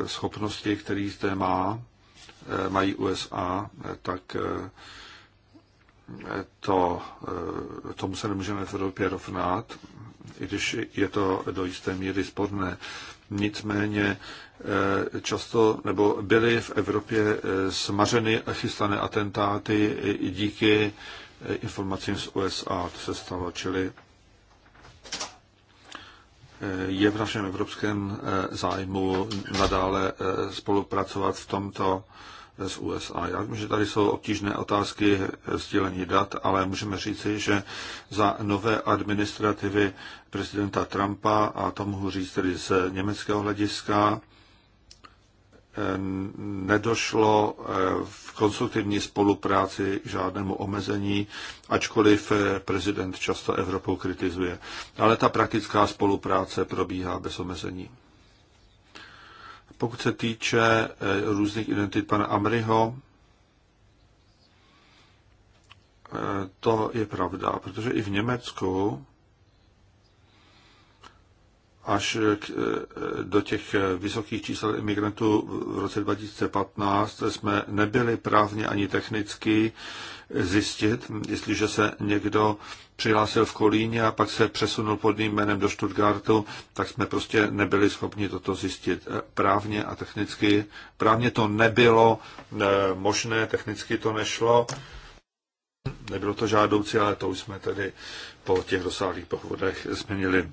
schopnosti, které zde má, mají USA, tak to, tomu se nemůžeme v Evropě rovnat, i když je to do jisté míry sporné. Nicméně Eh, často nebo byly v Evropě eh, smařeny a chystané atentáty díky eh, informacím z USA, to se stalo, čili je v našem evropském zájmu nadále spolupracovat v tomto z USA. Já vím, že tady jsou obtížné otázky sdílení dat, ale můžeme říci, že za nové administrativy prezidenta Trumpa, a to mohu říct tedy z německého hlediska, nedošlo eh, v konstruktivní spolupráci k žádnému omezení, ačkoliv eh, prezident často Evropu kritizuje. Ale ta praktická spolupráce probíhá bez omezení. Pokud se týče eh, různých identit pana Amriho, to je pravda, protože i v Německu až k, e, do těch vysokých čísel imigrantů v roce 2015 jsme nebyli právně ani technicky zjistit, jestliže se někdo přihlásil v Kolíně a pak se přesunul pod ním jménem do Stuttgartu, tak jsme prostě nebyli schopni toto zjistit e, právně a technicky. Právně to nebylo e, možné, technicky to nešlo. Nebylo to žádoucí, ale to už jsme tedy po těch rozsáhlých pochodech změnili.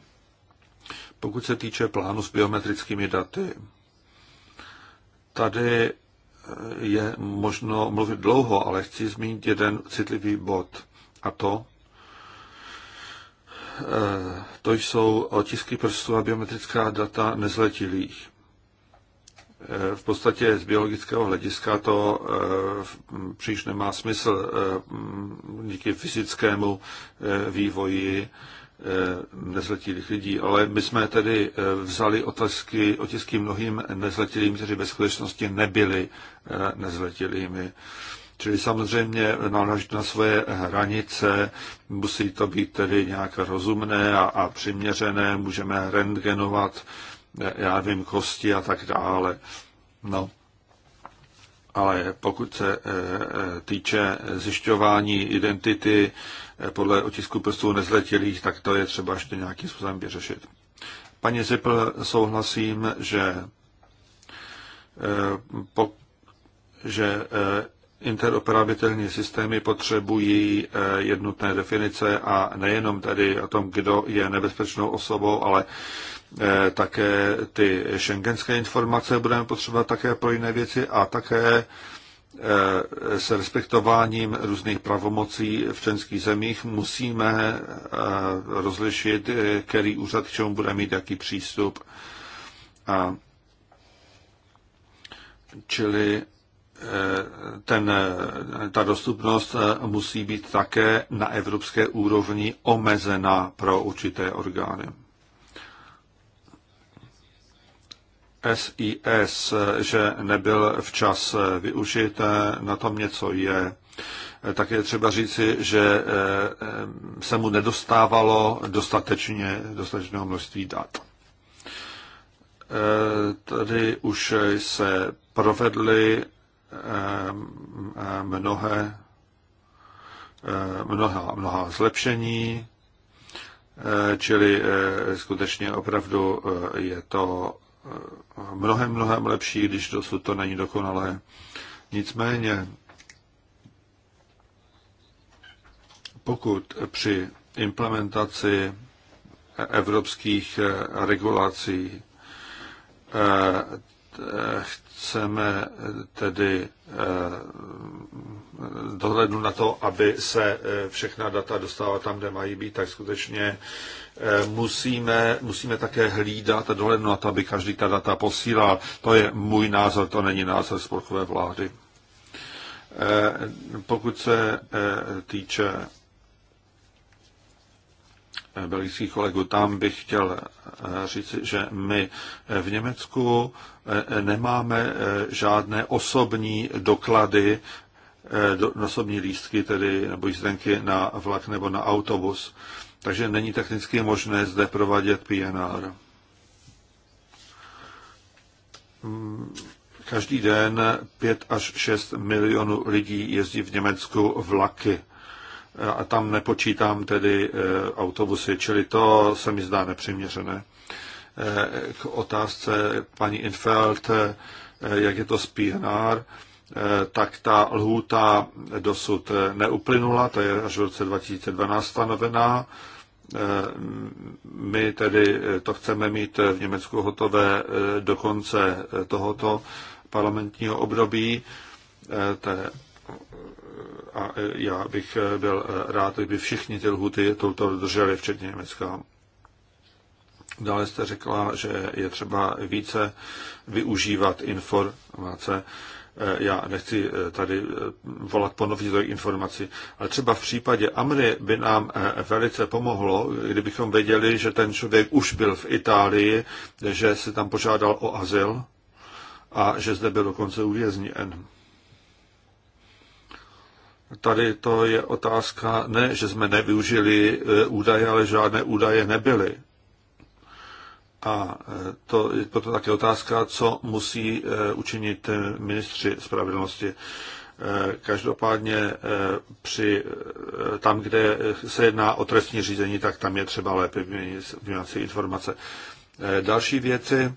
Pokud se týče plánu s biometrickými daty, tady eh, je možno mluvit dlouho, ale chci zmínit jeden citlivý bod. A to, eh, to jsou otisky prstů a biometrická data nezletilých. Eh, v podstatě z biologického hlediska to příliš nemá smysl díky fyzickému vývoji Eh, nezletilých lidí, ale my jsme tedy eh, vzali otázky, otisky mnohým nezletilým, kteří ve skutečnosti nebyli eh, nezletilými. Čili samozřejmě náležit na svoje hranice, musí to být tedy nějak rozumné a, a přiměřené, můžeme rentgenovat, já vím, kosti a tak dále. No. Ale pokud se týče zjišťování identity podle otisku prstů nezletilých, tak to je třeba ještě nějakým způsobem vyřešit. Paní Zipl, souhlasím, že, eh, že eh, interoperabilní systémy potřebují eh, jednotné definice a nejenom tedy o tom, kdo je nebezpečnou osobou, ale také ty šengenské informace budeme potřebovat také pro jiné věci a také Eh, s respektováním různých pravomocí v členských zemích musíme eh, rozlišit, eh, který úřad k čemu bude mít jaký přístup. A čili ten, ta dostupnost musí být také na evropské úrovni omezená pro určité orgány. SIS, že nebyl včas využit, na tom něco je. Tak je třeba říci, že eh, se mu nedostávalo dostatečně, dostatečného množství dat. Eh, tady už se provedly eh, mnohé, mnoha, mnoha zlepšení, čili skutečně opravdu je to mnohem, mnohem lepší, když dosud to není dokonalé. Nicméně, pokud při implementaci evropských regulací eh, chceme eh, tedy eh, dohlednout na to, aby se eh, všechna data dostala tam, kde mají být, tak skutečně musíme, musíme také hlídat a dohlednout na to, aby každý ta data posílal. To je můj názor, to není názor spolkové vlády. Pokud se týče belgických kolegů. Tam bych chtěl eh, říct, že my eh, v Německu eh, nemáme žádné osobní doklady, osobní lístky tedy, nebo jízdenky na vlak nebo na autobus. Takže není technicky možné zde provádět PNR. Každý den 5 až 6 milionů lidí jezdí v Německu vlaky a tam nepočítám tedy eh, autobusy, čili to se mi zdá nepřiměřené. Eh, k otázce paní Infeld, eh, jak je to s PNR, tak ta lhůta dosud neuplynula, To je až v roce 2012 stanovená. My tedy to chceme mít v Německu hotové do konce tohoto parlamentního období. To je a já bych eh, byl eh, rád, kdyby všichni ty lhuty touto drželi, včetně Německa. Dále jste řekla, že je třeba více využívat informace. Eh, já nechci tady volat ponovně do informací, ale třeba v případě Amry by nám velice pomohlo, kdybychom věděli, že ten člověk už byl v Itálii, že se tam požádal o azyl a že zde byl dokonce uvězněn. Tady to je otázka ne, že jsme nevyužili e, údaje, ale žádné údaje nebyly. A e, to je proto také otázka, co musí e, učinit ministři spravedlnosti. Každopádně při, tam, kde se jedná o trestní řízení, tak tam je třeba lépe vyměnit si informace. Další věci,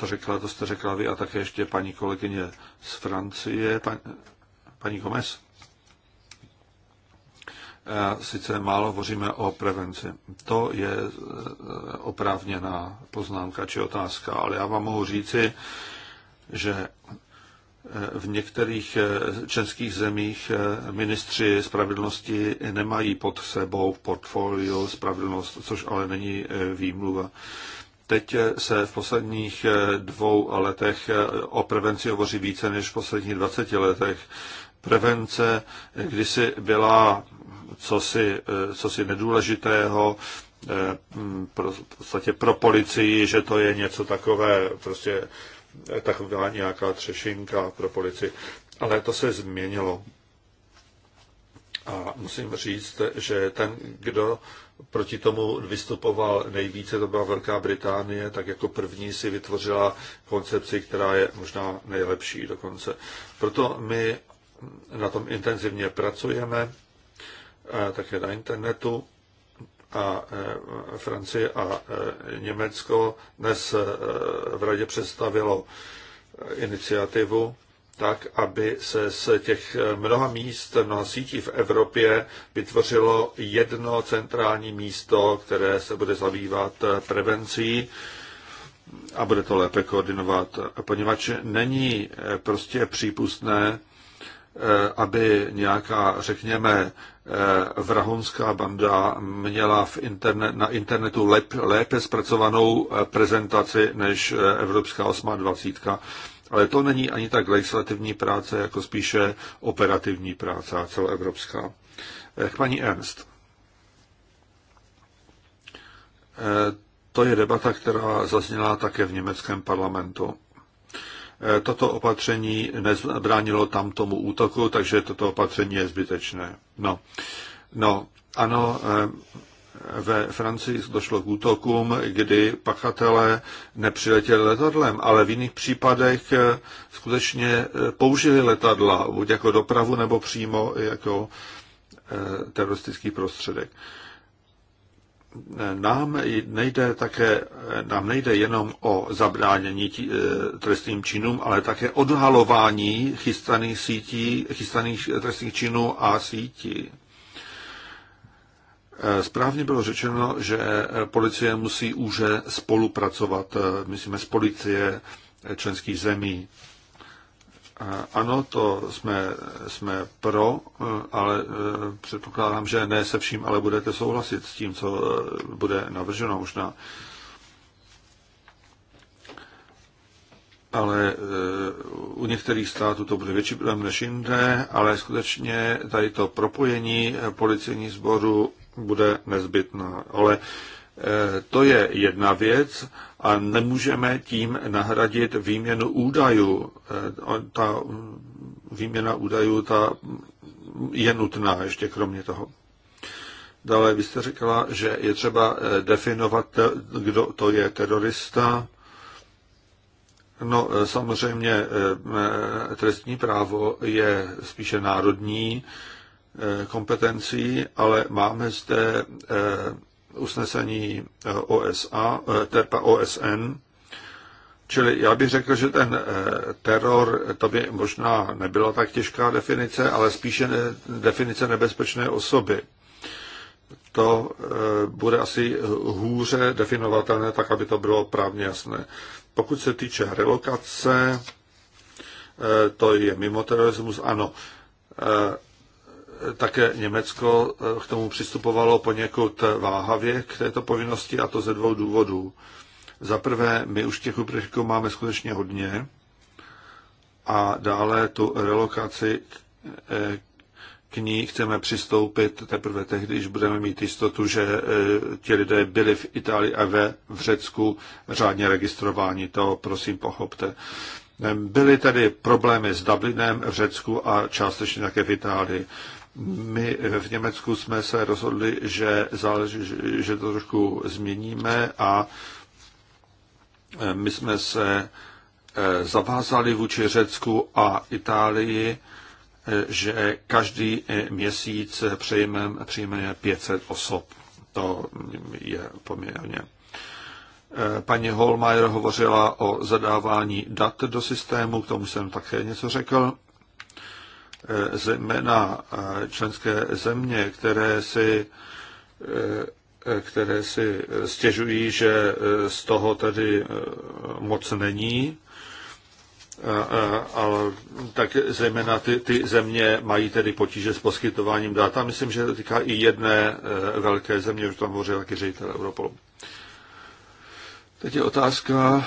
to, řekla, to jste řekla vy a také ještě paní kolegyně z Francie, pan, paní Gomez. E, sice málo hovoříme o prevenci. To je e, oprávněná poznámka či otázka, ale já vám mohu říci, že e, v některých českých zemích ministři spravedlnosti nemají pod sebou portfolio spravedlnost, což ale není výmluva. Teď se v posledních dvou letech o prevenci hovoří více než v posledních 20 letech. Prevence kdysi byla cosi, eh, cosi nedůležitého, eh, pro, v podstatě pro policii, že to je něco takové, prostě eh, taková nějaká třešinka pro policii. Ale to se změnilo. A musím říct, že ten, kdo proti tomu vystupoval nejvíce, to byla Velká Británie, tak jako první si vytvořila koncepci, která je možná nejlepší dokonce. Proto my na tom intenzivně pracujeme, eh, také na internetu. A eh, Francie a eh, Německo dnes v radě představilo iniciativu tak, aby se z těch mnoha míst, mnoha sítí v Evropě vytvořilo jedno centrální místo, které se bude zabývat prevencí a bude to lépe koordinovat, poněvadž není prostě přípustné, Eh, aby nějaká, řekněme, eh, vrahonská banda měla v internet, na internetu lep, lépe zpracovanou eh, prezentaci než Evropská 28. Ale to není ani tak legislativní práce, jako spíše operativní práce celoevropská. K paní Ernst. To je debata, která zazněla také v německém parlamentu toto opatření nezabránilo tam tomu útoku, takže toto opatření je zbytečné. No, no ano, eh, ve Francii došlo k útokům, kdy pachatelé nepřiletěli letadlem, ale v jiných případech eh, skutečně eh, použili letadla, buď jako dopravu, nebo přímo jako teroristický prostředek nám nejde také, nám nejde jenom o zabránění tí, eh, trestným činům, ale také odhalování chystaných sítí, chystaných eh, trestných činů a sítí. Eh, správně bylo řečeno, že policie musí už spolupracovat, myslíme, s policie členských zemí. Ano, to jsme, jsme pro, ale e, předpokládám, že ne se vším, ale budete souhlasit s tím, co e, bude navrženo možná. Ale e, u některých států to bude větší problém než jinde, ale skutečně tady to propojení policejní sboru bude nezbytné. Ale Eh, to je jedna věc a nemůžeme tím nahradit výměnu údajů. Eh, ta mm, výměna údajů ta je nutná ještě kromě toho. Dále vy jste řekla, že je třeba eh, definovat, kdo to je terorista. No, samozřejmě trestní právo je spíše národní kompetencí, ale máme zde usnesení eh, OSA, eh, terpa OSN, Čili já bych řekl, že ten eh, teror, to by možná nebyla tak těžká definice, ale spíše definice nebezpečné osoby. To bude asi hůře definovatelné, tak aby to bylo právně jasné. Pokud se týče relokace, to je mimo terorismus, ano také Německo eh, k tomu přistupovalo poněkud váhavě k této povinnosti a to ze dvou důvodů. Za prvé, my už těch uprchlíků máme skutečně hodně a dále tu relokaci eh, k ní chceme přistoupit teprve tehdy, když budeme mít jistotu, že eh, ti lidé byli v Itálii a ve v Řecku řádně registrováni. To prosím pochopte. Ehm, byly tady problémy s Dublinem v Řecku a částečně také v Itálii. My v Německu jsme se rozhodli, že, záleží, že to trošku změníme a my jsme se eh, zavázali vůči Řecku a Itálii, eh, že každý eh, měsíc přijmeme, přijmeme 500 osob. To je poměrně. Paní Holmeier hovořila o zadávání dat do systému, k tomu jsem také něco řekl. Eh, zejména eh, členské země, které si eh, které si stěžují, že z toho tedy moc není, ale tak zejména ty, ty země mají tedy potíže s poskytováním dat. A myslím, že to týká i jedné velké země, už tam hovořil taky ředitel Europolu. Teď je otázka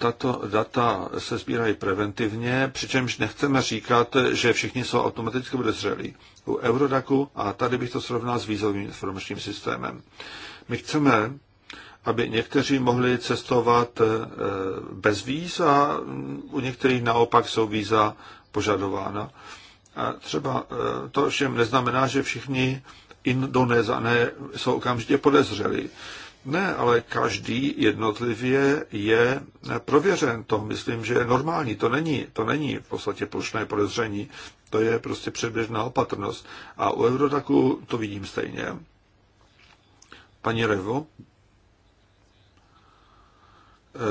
tato data se sbírají preventivně, přičemž nechceme říkat, že všichni jsou automaticky podezřelí. U Eurodaku, a tady bych to srovnal s vízovým informačním systémem, my chceme, aby někteří mohli cestovat eh, bez víz a u některých naopak jsou víza požadována. A třeba eh, to všem neznamená, že všichni Indonézané jsou okamžitě podezřelí. Ne, ale každý jednotlivě je prověřen. To myslím, že je normální. To není, to není v podstatě plošné podezření. To je prostě předběžná opatrnost. A u Eurodaku to vidím stejně. Paní Revo,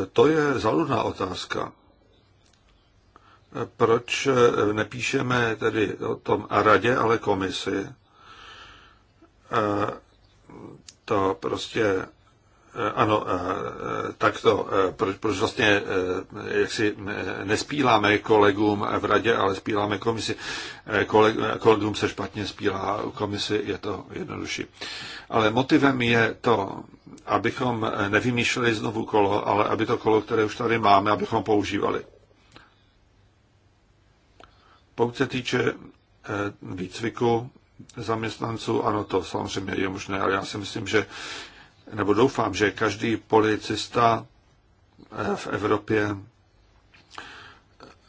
e, to je zaludná otázka. E, proč e, nepíšeme tedy o tom radě, ale komisi? To prostě Eh, ano, eh, eh, tak to, proč, proč vlastně jak si nespíláme kolegům v radě, ale spíláme komisi. Koleg, kolegům se špatně spílá, komisi je to jednodušší. Ale motivem je to, abychom nevymýšleli znovu kolo, ale aby to kolo, které už tady máme, abychom používali. Pokud se týče výcviku zaměstnanců, ano, to samozřejmě je možné, ale já si myslím, že nebo doufám, že každý policista eh, v Evropě eh,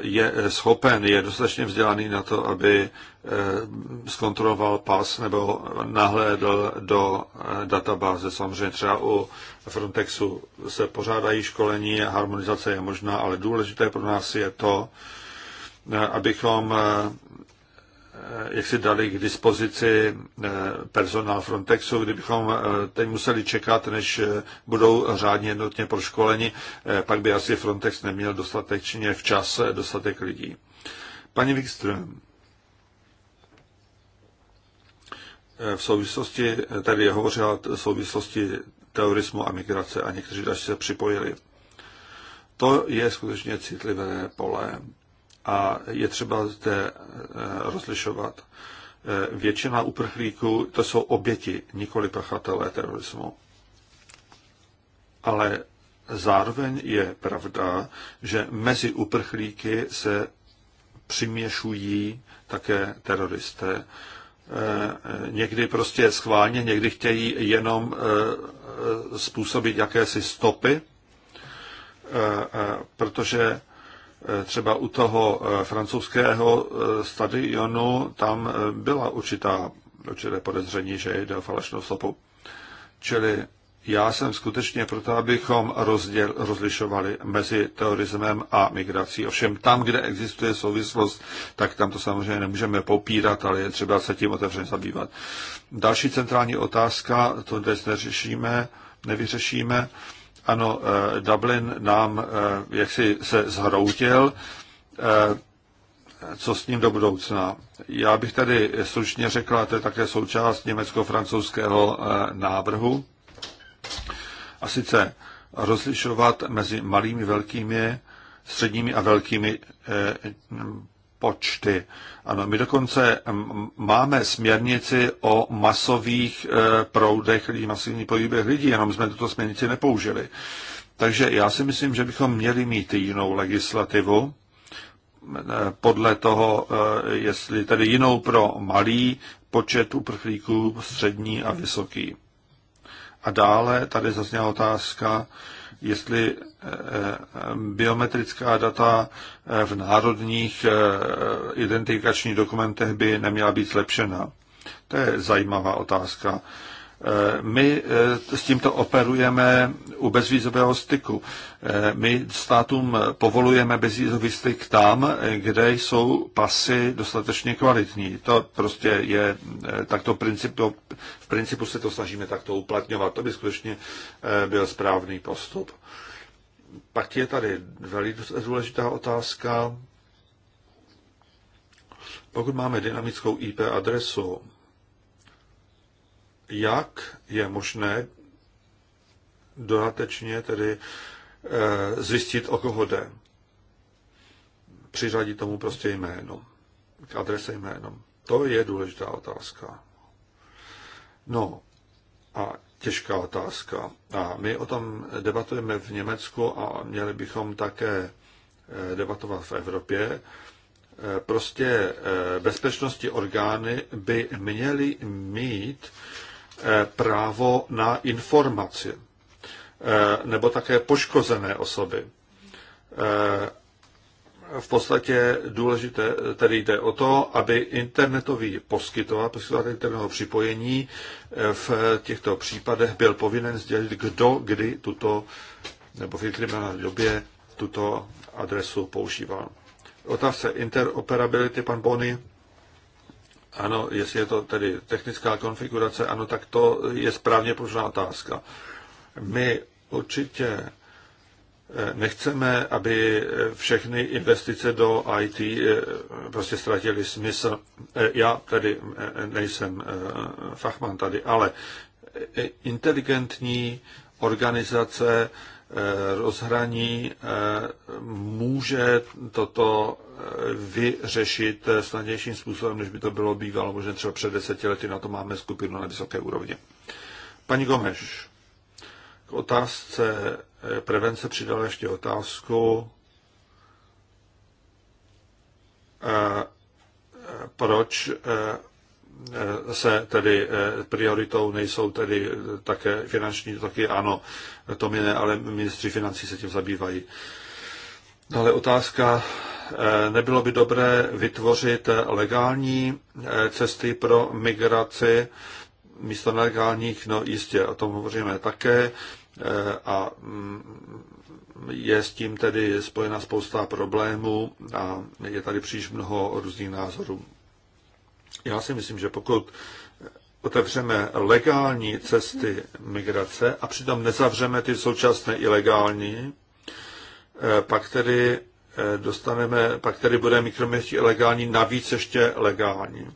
je schopen, je dostatečně vzdělaný na to, aby eh, zkontroloval pas nebo nahlédl do databáze. Samozřejmě třeba u Frontexu se pořádají školení, harmonizace je možná, ale důležité pro nás je to, abychom Eh, jak si dali k dispozici eh, personál Frontexu, kdybychom eh, teď museli čekat, než budou řádně jednotně proškoleni, pak by asi Frontex neměl dostatečně včas dostatek lidí. Pani Wikström, v souvislosti, tady hovořila v souvislosti terorismu a migrace a někteří další se připojili. To je skutečně citlivé pole a je třeba zde eh, rozlišovat. Eh, většina uprchlíků to jsou oběti, nikoli pachatelé terorismu. Ale zároveň je pravda, že mezi uprchlíky se přiměšují také teroristé. Eh, někdy prostě schválně, někdy chtějí jenom způsobit jakési stopy, protože Eh, třeba u toho eh, francouzského eh, stadionu, tam byla určitá, určité podezření, že jde o falešnou stopu. Čili já jsem skutečně proto, abychom rozděl, rozlišovali mezi terorismem a migrací. Ovšem tam, kde existuje souvislost, tak tam to samozřejmě nemůžeme popírat, ale je třeba se tím otevřeně zabývat. Další centrální otázka, to dnes neřešíme, nevyřešíme, ano, eh, Dublin nám eh, jaksi se zhroutil, eh, co s ním do budoucna. Já bych tady řekl, a to je také součást německo-francouzského návrhu, a sice rozlišovat mezi malými, velkými, středními a velkými počty. Ano, my dokonce máme směrnici o masových e, proudech lidí, masivní pohybech lidí, jenom jsme tuto směrnici nepoužili. Takže já si myslím, že bychom měli mít jinou legislativu, e, podle toho, e, jestli tedy jinou pro malý počet uprchlíků, střední a vysoký. A dále tady zazněla otázka, jestli eh, eh, biometrická data eh, v národních identifikačních dokumentech by neměla být zlepšena. To je zajímavá otázka. Eh, my eh, s tímto operujeme u bezvízového styku. Eh, my státům povolujeme bezvízový styk tam, kde jsou pasy dostatečně kvalitní. To prostě je takto princip, to, v principu se to snažíme takto uplatňovat. To by skutečně byl správný postup. Pak je tady velice důležitá otázka. Pokud máme dynamickou IP adresu, jak je možné dodatečně tedy eh, zjistit, o koho jde. Přiřadit tomu prostě jméno, k adrese jméno. To je důležitá otázka. No a těžká otázka. A my o tom debatujeme v Německu a měli bychom také eh, debatovat v Evropě. Eh, prostě bezpečnosti orgány by měly mít Eh, právo na informaci eh, nebo také poškozené osoby. Eh, v podstatě důležité tedy jde o to, aby internetový poskytovatel, poskytovatel internetového připojení v těchto případech byl povinen sdělit, kdo kdy tuto nebo v na době tuto adresu používal. Otázka interoperability, pan Bony. Ano, jestli je to tedy technická konfigurace, ano, tak to je správně položená otázka. My určitě eh, nechceme, aby eh, všechny investice do IT eh, prostě ztratily smysl. Já tedy nejsem fachman tady, ale inteligentní organizace rozhraní eh, může toto eh, vyřešit snadnějším způsobem, než by to bylo bývalo možná třeba před deseti lety. Na to máme skupinu na vysoké úrovni. Paní Gomeš, k otázce eh, prevence přidala ještě otázku, proč Eh, se tedy eh, prioritou nejsou tedy eh, také finanční toky, ano, to mi ne, ale ministři financí se tím zabývají. Dále otázka, nebylo by dobré vytvořit legální cesty pro migraci místo nelegálních, no jistě, o tom hovoříme také a mm, je s tím tedy spojena spousta problémů a je tady příliš mnoho různých názorů. Já si myslím, že pokud otevřeme legální cesty migrace a přitom nezavřeme ty současné ilegální, eh, pak tedy eh, dostaneme, pak tedy bude mikroměstí ilegální, navíc ještě legální.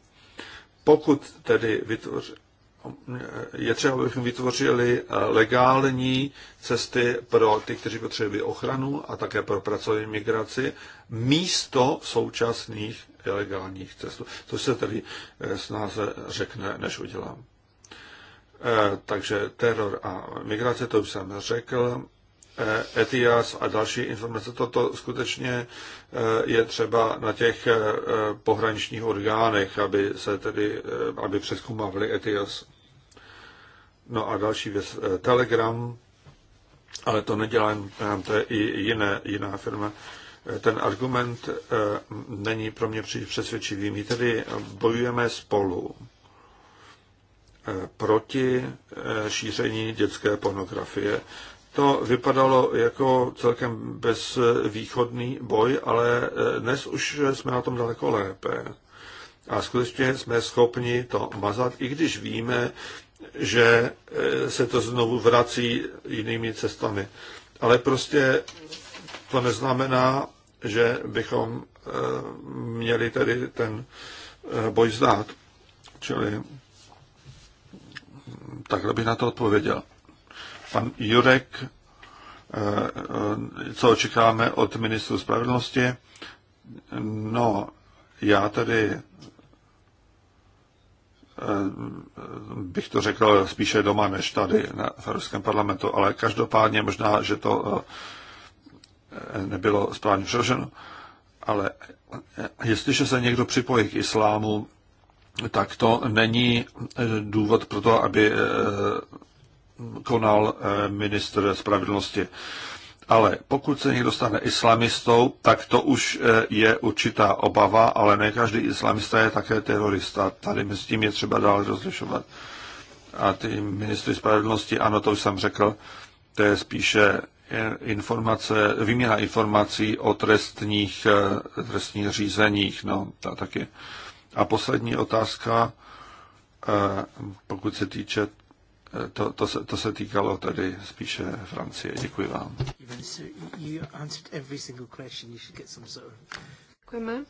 Pokud tedy vytvoř, je třeba, abychom vytvořili eh, legální cesty pro ty, kteří potřebují ochranu a také pro pracovní migraci, místo současných ilegálních cest, To se tedy eh, snáze řekne, než udělám. Eh, takže teror a migrace, to už jsem řekl. Eh, ETIAS a další informace, toto skutečně je třeba na těch pohraničních orgánech, aby se tedy, aby přeskumavili ETIAS. No a další věc, Telegram, ale to nedělám, to je i jiné, jiná firma ten argument eh, není pro mě příliš přesvědčivý. My tedy bojujeme spolu eh, proti eh, šíření dětské pornografie. To vypadalo jako celkem bezvýchodný boj, ale dnes už jsme na tom daleko lépe. A skutečně jsme schopni to mazat, i když víme, že se to znovu vrací jinými cestami. Ale prostě to neznamená, že bychom eh, měli tedy ten eh, boj zdát. Čili takhle bych na to odpověděl. Pan Jurek, eh, co očekáváme od ministru spravedlnosti? No, já tedy bych to řekl spíše doma než tady na Evropském parlamentu, ale každopádně možná, že to nebylo správně přeloženo, ale jestliže se někdo připojí k islámu, tak to není eh, důvod pro to, aby eh, konal eh, ministr spravedlnosti. Ale pokud se někdo stane islamistou, tak to už je určitá obava, ale ne každý islamista je také terorista. Tady s tím je třeba dál rozlišovat. A ty ministry spravedlnosti, ano, to už jsem řekl, to je spíše informace, výměna informací o trestních, eh, trestních řízeních. No, ta taky. A poslední otázka, eh, pokud se týče, eh, to, to, se, to se týkalo tady spíše Francie. Děkuji vám. Děkujeme.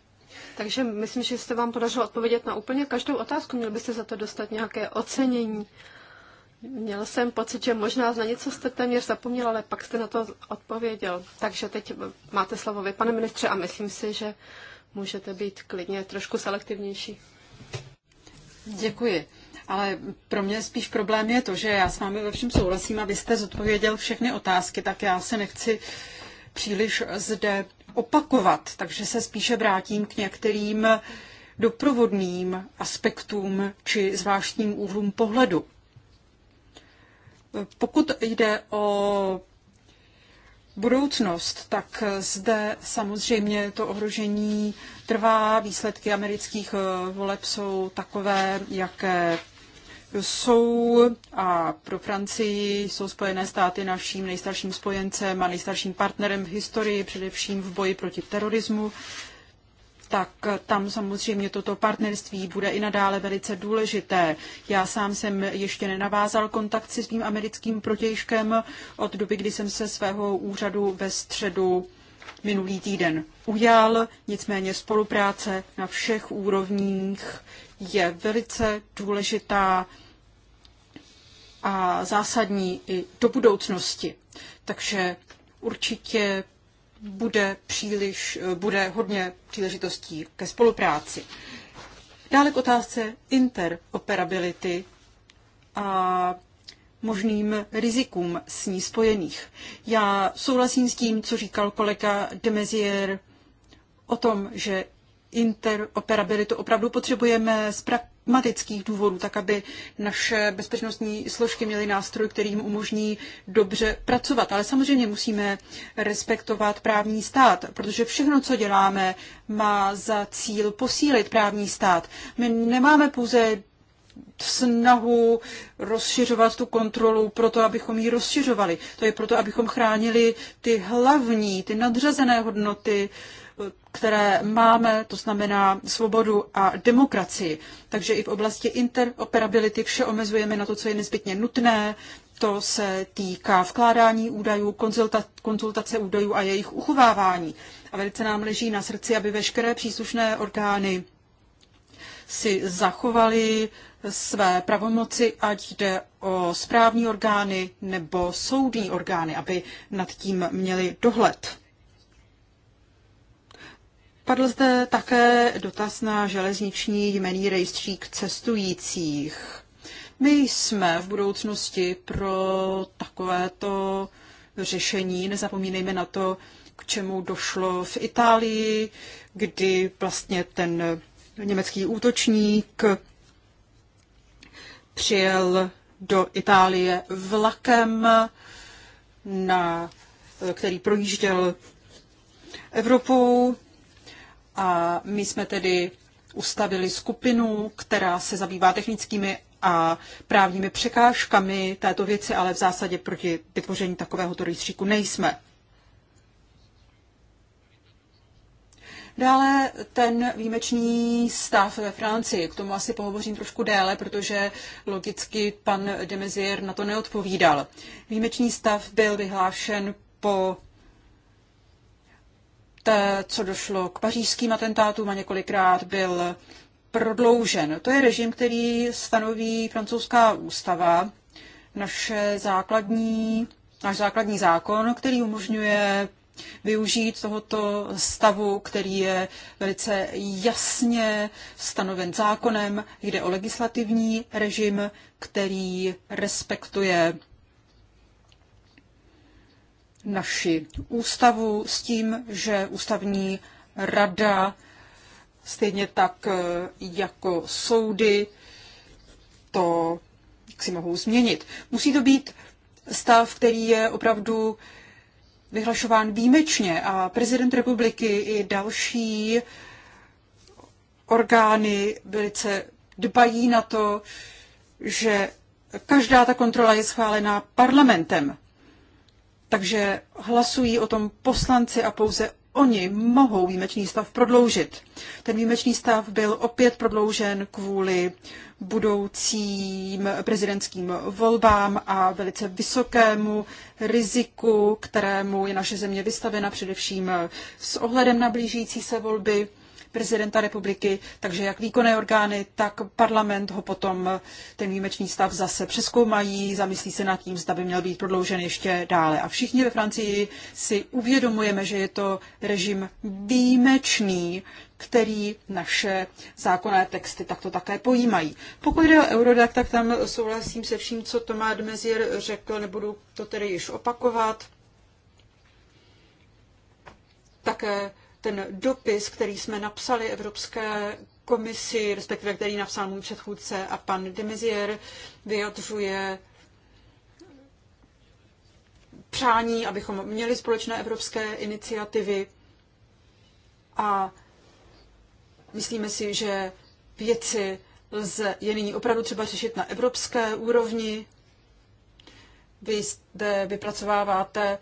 Takže myslím, že jste vám podařilo odpovědět na úplně každou otázku. Měl byste za to dostat nějaké ocenění. Měl jsem pocit, že možná na něco jste téměř zapomněl, ale pak jste na to odpověděl. Takže teď máte slovo vy, pane ministře, a myslím si, že můžete být klidně trošku selektivnější. Děkuji. Ale pro mě spíš problém je to, že já s vámi ve všem souhlasím a vy jste zodpověděl všechny otázky, tak já se nechci příliš zde opakovat, takže se spíše vrátím k některým doprovodným aspektům či zvláštním úhlům pohledu. Pokud jde o budoucnost, tak zde samozřejmě to ohrožení trvá. Výsledky amerických eh, voleb jsou takové, jaké jsou a pro Francii jsou Spojené státy naším nejstarším spojencem a nejstarším partnerem v historii, především v boji proti terorismu tak tam samozřejmě toto partnerství bude i nadále velice důležité. Já sám jsem ještě nenavázal kontakt s tím americkým protějškem od doby, kdy jsem se svého úřadu ve středu minulý týden ujal. Nicméně spolupráce na všech úrovních je velice důležitá a zásadní i do budoucnosti. Takže určitě bude, příliš, bude hodně příležitostí ke spolupráci. Dále k otázce interoperability a možným rizikům s ní spojených. Já souhlasím s tím, co říkal kolega de Maizière o tom, že interoperabilitu opravdu potřebujeme z pragmatických důvodů, tak aby naše bezpečnostní složky měly nástroj, který jim umožní dobře pracovat. Ale samozřejmě musíme respektovat právní stát, protože všechno, co děláme, má za cíl posílit právní stát. My nemáme pouze snahu rozšiřovat tu kontrolu proto, abychom ji rozšiřovali. To je proto, abychom chránili ty hlavní, ty nadřazené hodnoty, které máme, to znamená svobodu a demokracii. Takže i v oblasti interoperability vše omezujeme na to, co je nezbytně nutné. To se týká vkládání údajů, konzultace údajů a jejich uchovávání. A velice nám leží na srdci, aby veškeré příslušné orgány si zachovali své pravomoci, ať jde o správní orgány nebo soudní orgány, aby nad tím měli dohled. Padl zde také dotaz na železniční jmený rejstřík cestujících. My jsme v budoucnosti pro takovéto řešení, nezapomínejme na to, k čemu došlo v Itálii, kdy vlastně ten německý útočník přijel do Itálie vlakem, na, který projížděl Evropou a my jsme tedy ustavili skupinu, která se zabývá technickými a právními překážkami této věci, ale v zásadě proti vytvoření takovéhoto rejstříku nejsme. Dále ten výjimečný stav ve Francii. K tomu asi pohovořím trošku déle, protože logicky pan Demezier na to neodpovídal. Výjimečný stav byl vyhlášen po poté, co došlo k pařížským atentátům a několikrát byl prodloužen. To je režim, který stanoví francouzská ústava, naše základní, náš základní zákon, který umožňuje využít tohoto stavu, který je velice jasně stanoven zákonem. Jde o legislativní režim, který respektuje naši ústavu s tím, že ústavní rada, stejně tak e, jako soudy, to si mohou změnit. Musí to být stav, který je opravdu vyhlašován výjimečně a prezident republiky i další orgány velice dbají na to, že každá ta kontrola je schválená parlamentem. Takže hlasují o tom poslanci a pouze oni mohou výjimečný stav prodloužit. Ten výjimečný stav byl opět prodloužen kvůli budoucím prezidentským volbám a velice vysokému riziku, kterému je naše země vystavena především s ohledem na blížící se volby prezidenta republiky, takže jak výkonné orgány, tak parlament ho potom ten výjimečný stav zase přeskoumají, zamyslí se nad tím, zda by měl být prodloužen ještě dále. A všichni ve Francii si uvědomujeme, že je to režim výjimečný, který naše zákonné texty takto také pojímají. Pokud jde o Eurodac, tak tam souhlasím se vším, co Tomá Dmezier řekl, nebudu to tedy již opakovat. Také ten dopis, který jsme napsali Evropské komisi, respektive který napsal můj předchůdce a pan Demizier, vyjadřuje přání, abychom měli společné evropské iniciativy a myslíme si, že věci lze je nyní opravdu třeba řešit na evropské úrovni. Vy zde vypracováváte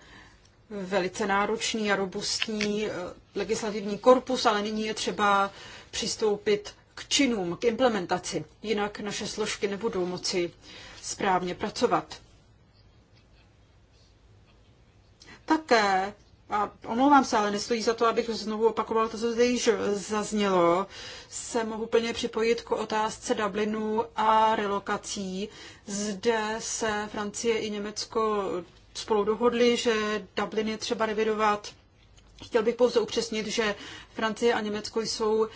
velice náročný a robustní eh, legislativní korpus, ale nyní je třeba přistoupit k činům, k implementaci. Jinak naše složky nebudou moci správně pracovat. Také, a omlouvám se, ale nestojí za to, abych znovu opakoval to, co zde již zaznělo, se mohu plně připojit k otázce Dublinu a relokací. Zde se Francie i Německo spolu dohodli, že Dublin je třeba revidovat. Chtěl bych pouze upřesnit, že Francie a Německo jsou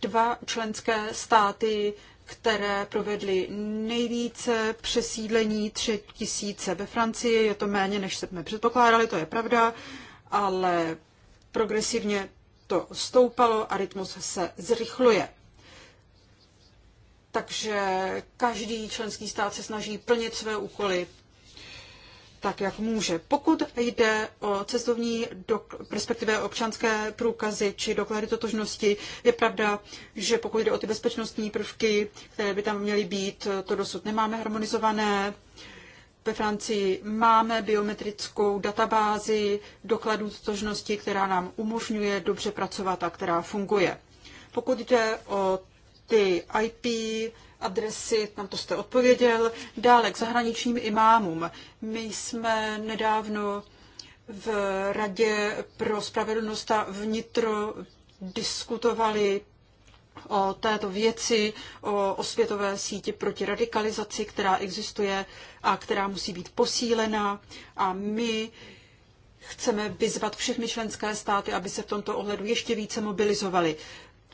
dva členské státy, které provedly nejvíce přesídlení tři tisíce. Ve Francii je to méně, než jsme předpokládali, to je pravda, ale progresivně to stoupalo a rytmus se zrychluje. Takže každý členský stát se snaží plnit své úkoly tak, jak může. Pokud jde o cestovní, dok- respektive občanské průkazy či doklady totožnosti, je pravda, že pokud jde o ty bezpečnostní prvky, které by tam měly být, to dosud nemáme harmonizované. Ve Francii máme biometrickou databázi dokladů totožnosti, která nám umožňuje dobře pracovat a která funguje. Pokud jde o ty IP adresy, na to jste odpověděl. Dále k zahraničním imámům. My jsme nedávno v Radě pro spravedlnost a vnitro diskutovali o této věci, o osvětové síti proti radikalizaci, která existuje a která musí být posílena. A my chceme vyzvat všechny členské státy, aby se v tomto ohledu ještě více mobilizovali.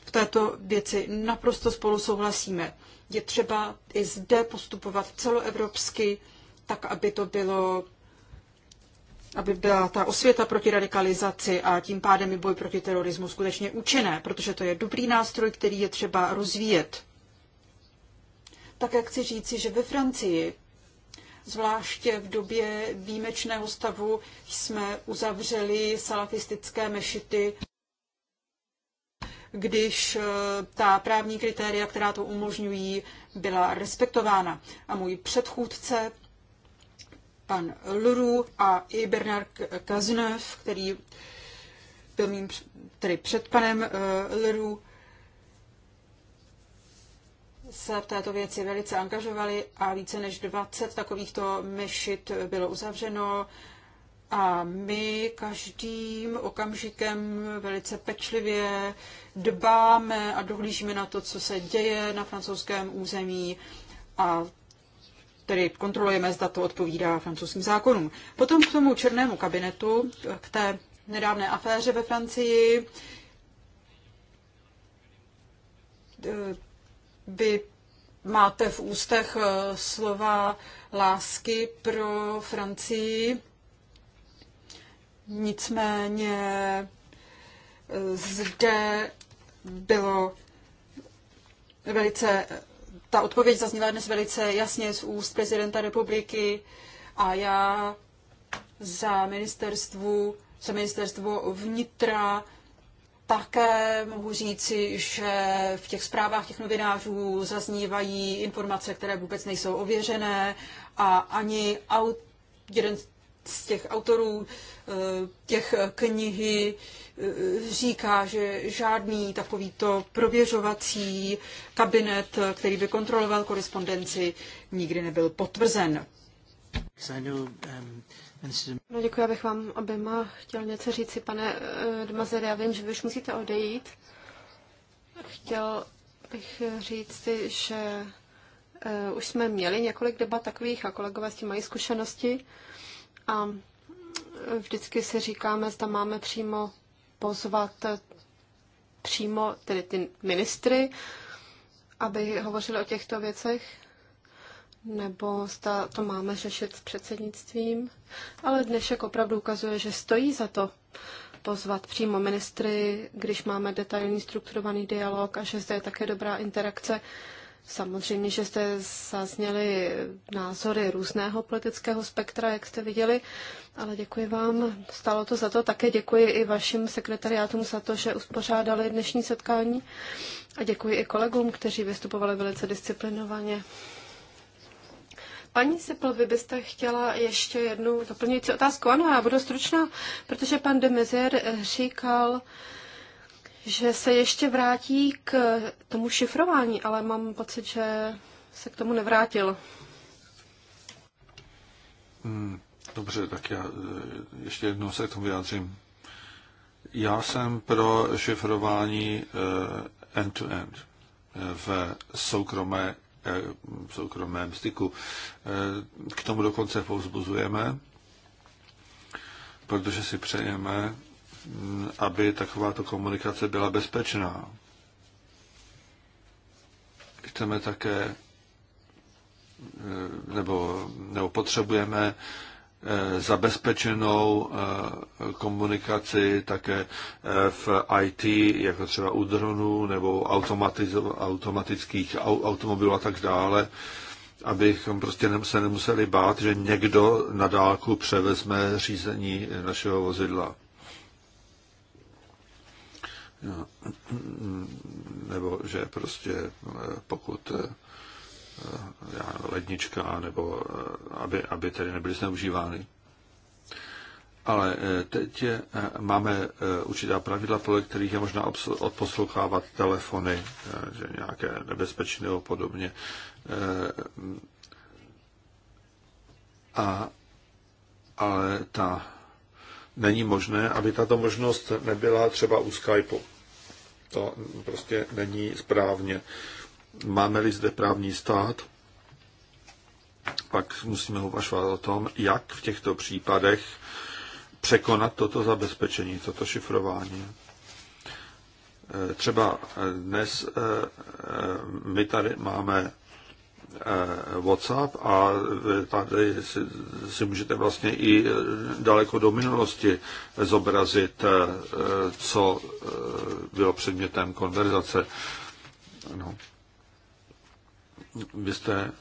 V této věci naprosto spolu souhlasíme je třeba i zde postupovat celoevropsky, tak aby to bylo aby byla ta osvěta proti radikalizaci a tím pádem i boj proti terorismu skutečně účinné, protože to je dobrý nástroj, který je třeba rozvíjet. Také chci říci, že ve Francii, zvláště v době výjimečného stavu, jsme uzavřeli salafistické mešity když eh, ta právní kritéria, která to umožňují, byla respektována. A můj předchůdce, pan Luru a i Bernard Cazeneuve, který byl mým tedy před panem eh, Luru, se v této věci velice angažovali a více než 20 takovýchto mešit bylo uzavřeno a my každým okamžikem velice pečlivě dbáme a dohlížíme na to, co se děje na francouzském území a tedy kontrolujeme, zda to odpovídá francouzským zákonům. Potom k tomu černému kabinetu, k té nedávné aféře ve Francii, vy máte v ústech eh, slova lásky pro Francii Nicméně eh, zde bylo velice, ta odpověď zazněla dnes velice jasně z úst prezidenta republiky a já za ministerstvu, za ministerstvo vnitra také mohu říci, že v těch zprávách těch novinářů zaznívají informace, které vůbec nejsou ověřené a ani aut, jeden z těch autorů eh, těch knihy eh, říká, že žádný takovýto prověřovací kabinet, který by kontroloval korespondenci, nikdy nebyl potvrzen. Um, no děkuji, abych vám oběma chtěl něco si, pane eh, Dmazer, já vím, že vy už musíte odejít. Chtěl bych říct, že už jsme měli několik debat takových a kolegové s tím mají zkušenosti. A vždycky si říkáme, zda máme přímo pozvat přímo tedy ty ministry, aby hovořili o těchto věcech, nebo zda to máme řešit s předsednictvím. Ale dnešek opravdu ukazuje, že stojí za to pozvat přímo ministry, když máme detailní strukturovaný dialog a že zde je také dobrá interakce Samozřejmě, že jste zazněli názory různého politického spektra, jak jste viděli, ale děkuji vám. Stalo to za to. Také děkuji i vašim sekretariátům za to, že uspořádali dnešní setkání a děkuji i kolegům, kteří vystupovali velice disciplinovaně. Paní Sipl, vy byste chtěla ještě jednu doplňující otázku? Ano, já budu stručná, protože pan de Mezier říkal, že se ještě vrátí k tomu šifrování, ale mám pocit, že se k tomu nevrátil. Hmm, dobře, tak já eh, ještě jednou se k tomu vyjádřím. Já jsem pro šifrování eh, end-to-end -end eh, v soukromé, soukromém styku. K tomu dokonce povzbuzujeme, protože si přejeme, aby takováto komunikace byla bezpečná. Chceme také, eh, nebo, nebo potřebujeme eh, zabezpečenou eh, komunikaci také v IT, jako třeba u dronů nebo automatických automobilů a tak dále, abychom prostě se nemuseli bát, že někdo na dálku převezme řízení našeho vozidla nebo že prostě eh, pokud eh, já, lednička, nebo eh, aby, aby tedy nebyly zneužívány. Ale teď je, máme určitá pravidla, podle kterých je možná odposlouchávat telefony, že nějaké nebezpečné a podobně. A, ale ta není možné, aby tato možnost nebyla třeba u Skypeu to prostě není správně. Máme-li zde právní stát, pak musíme uvažovat o tom, jak v těchto případech překonat toto zabezpečení, toto šifrování. E, třeba dnes e, e, my tady máme Eh, WhatsApp a tady si, si můžete vlastně i daleko do minulosti zobrazit, eh, co eh, bylo předmětem konverzace. No. Vy jste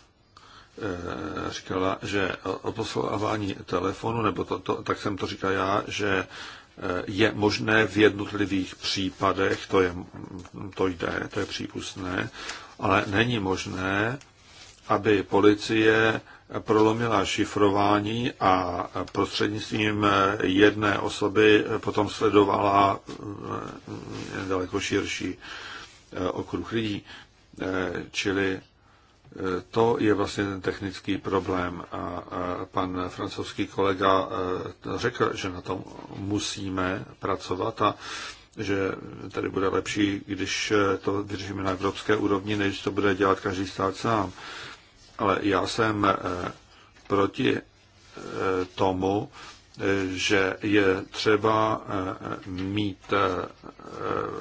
říkala, že odposlávání telefonu, nebo to, to, tak jsem to říkal já, že je možné v jednotlivých případech, to, je, to jde, to je přípustné, ale není možné aby policie prolomila šifrování a prostřednictvím jedné osoby potom sledovala eh, daleko širší eh, okruh lidí. Eh, čili to je vlastně ten technický problém a pan francouzský kolega řekl, že na tom musíme pracovat a že tady bude lepší, když to vyřešíme na evropské úrovni, než to bude dělat každý stát sám ale já jsem eh, proti eh, tomu, eh, že je třeba mít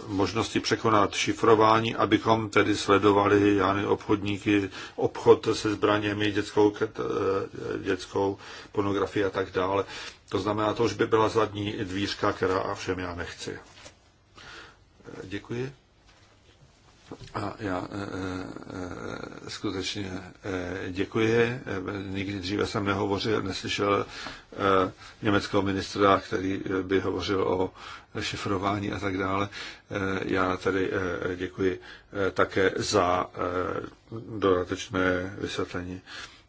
možnosti překonat šifrování, abychom tedy sledovali jány obchodníky, obchod se zbraněmi, dětskou, dětskou pornografii a tak dále. To znamená, to už by byla zadní dvířka, která a všem já nechci. Děkuji. A já e, e, skutečně e, děkuji. Nikdy dříve jsem nehovořil, neslyšel e, německého ministra, který by hovořil o šifrování a tak dále. E, já tady e, děkuji e, také za e, dodatečné vysvětlení.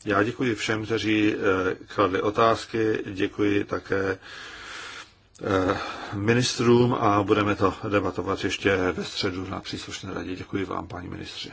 Já děkuji všem, kteří e, kladli otázky, děkuji také Eh, ministrům a budeme to debatovat ještě ve středu na příslušné radě. Děkuji vám, paní ministře.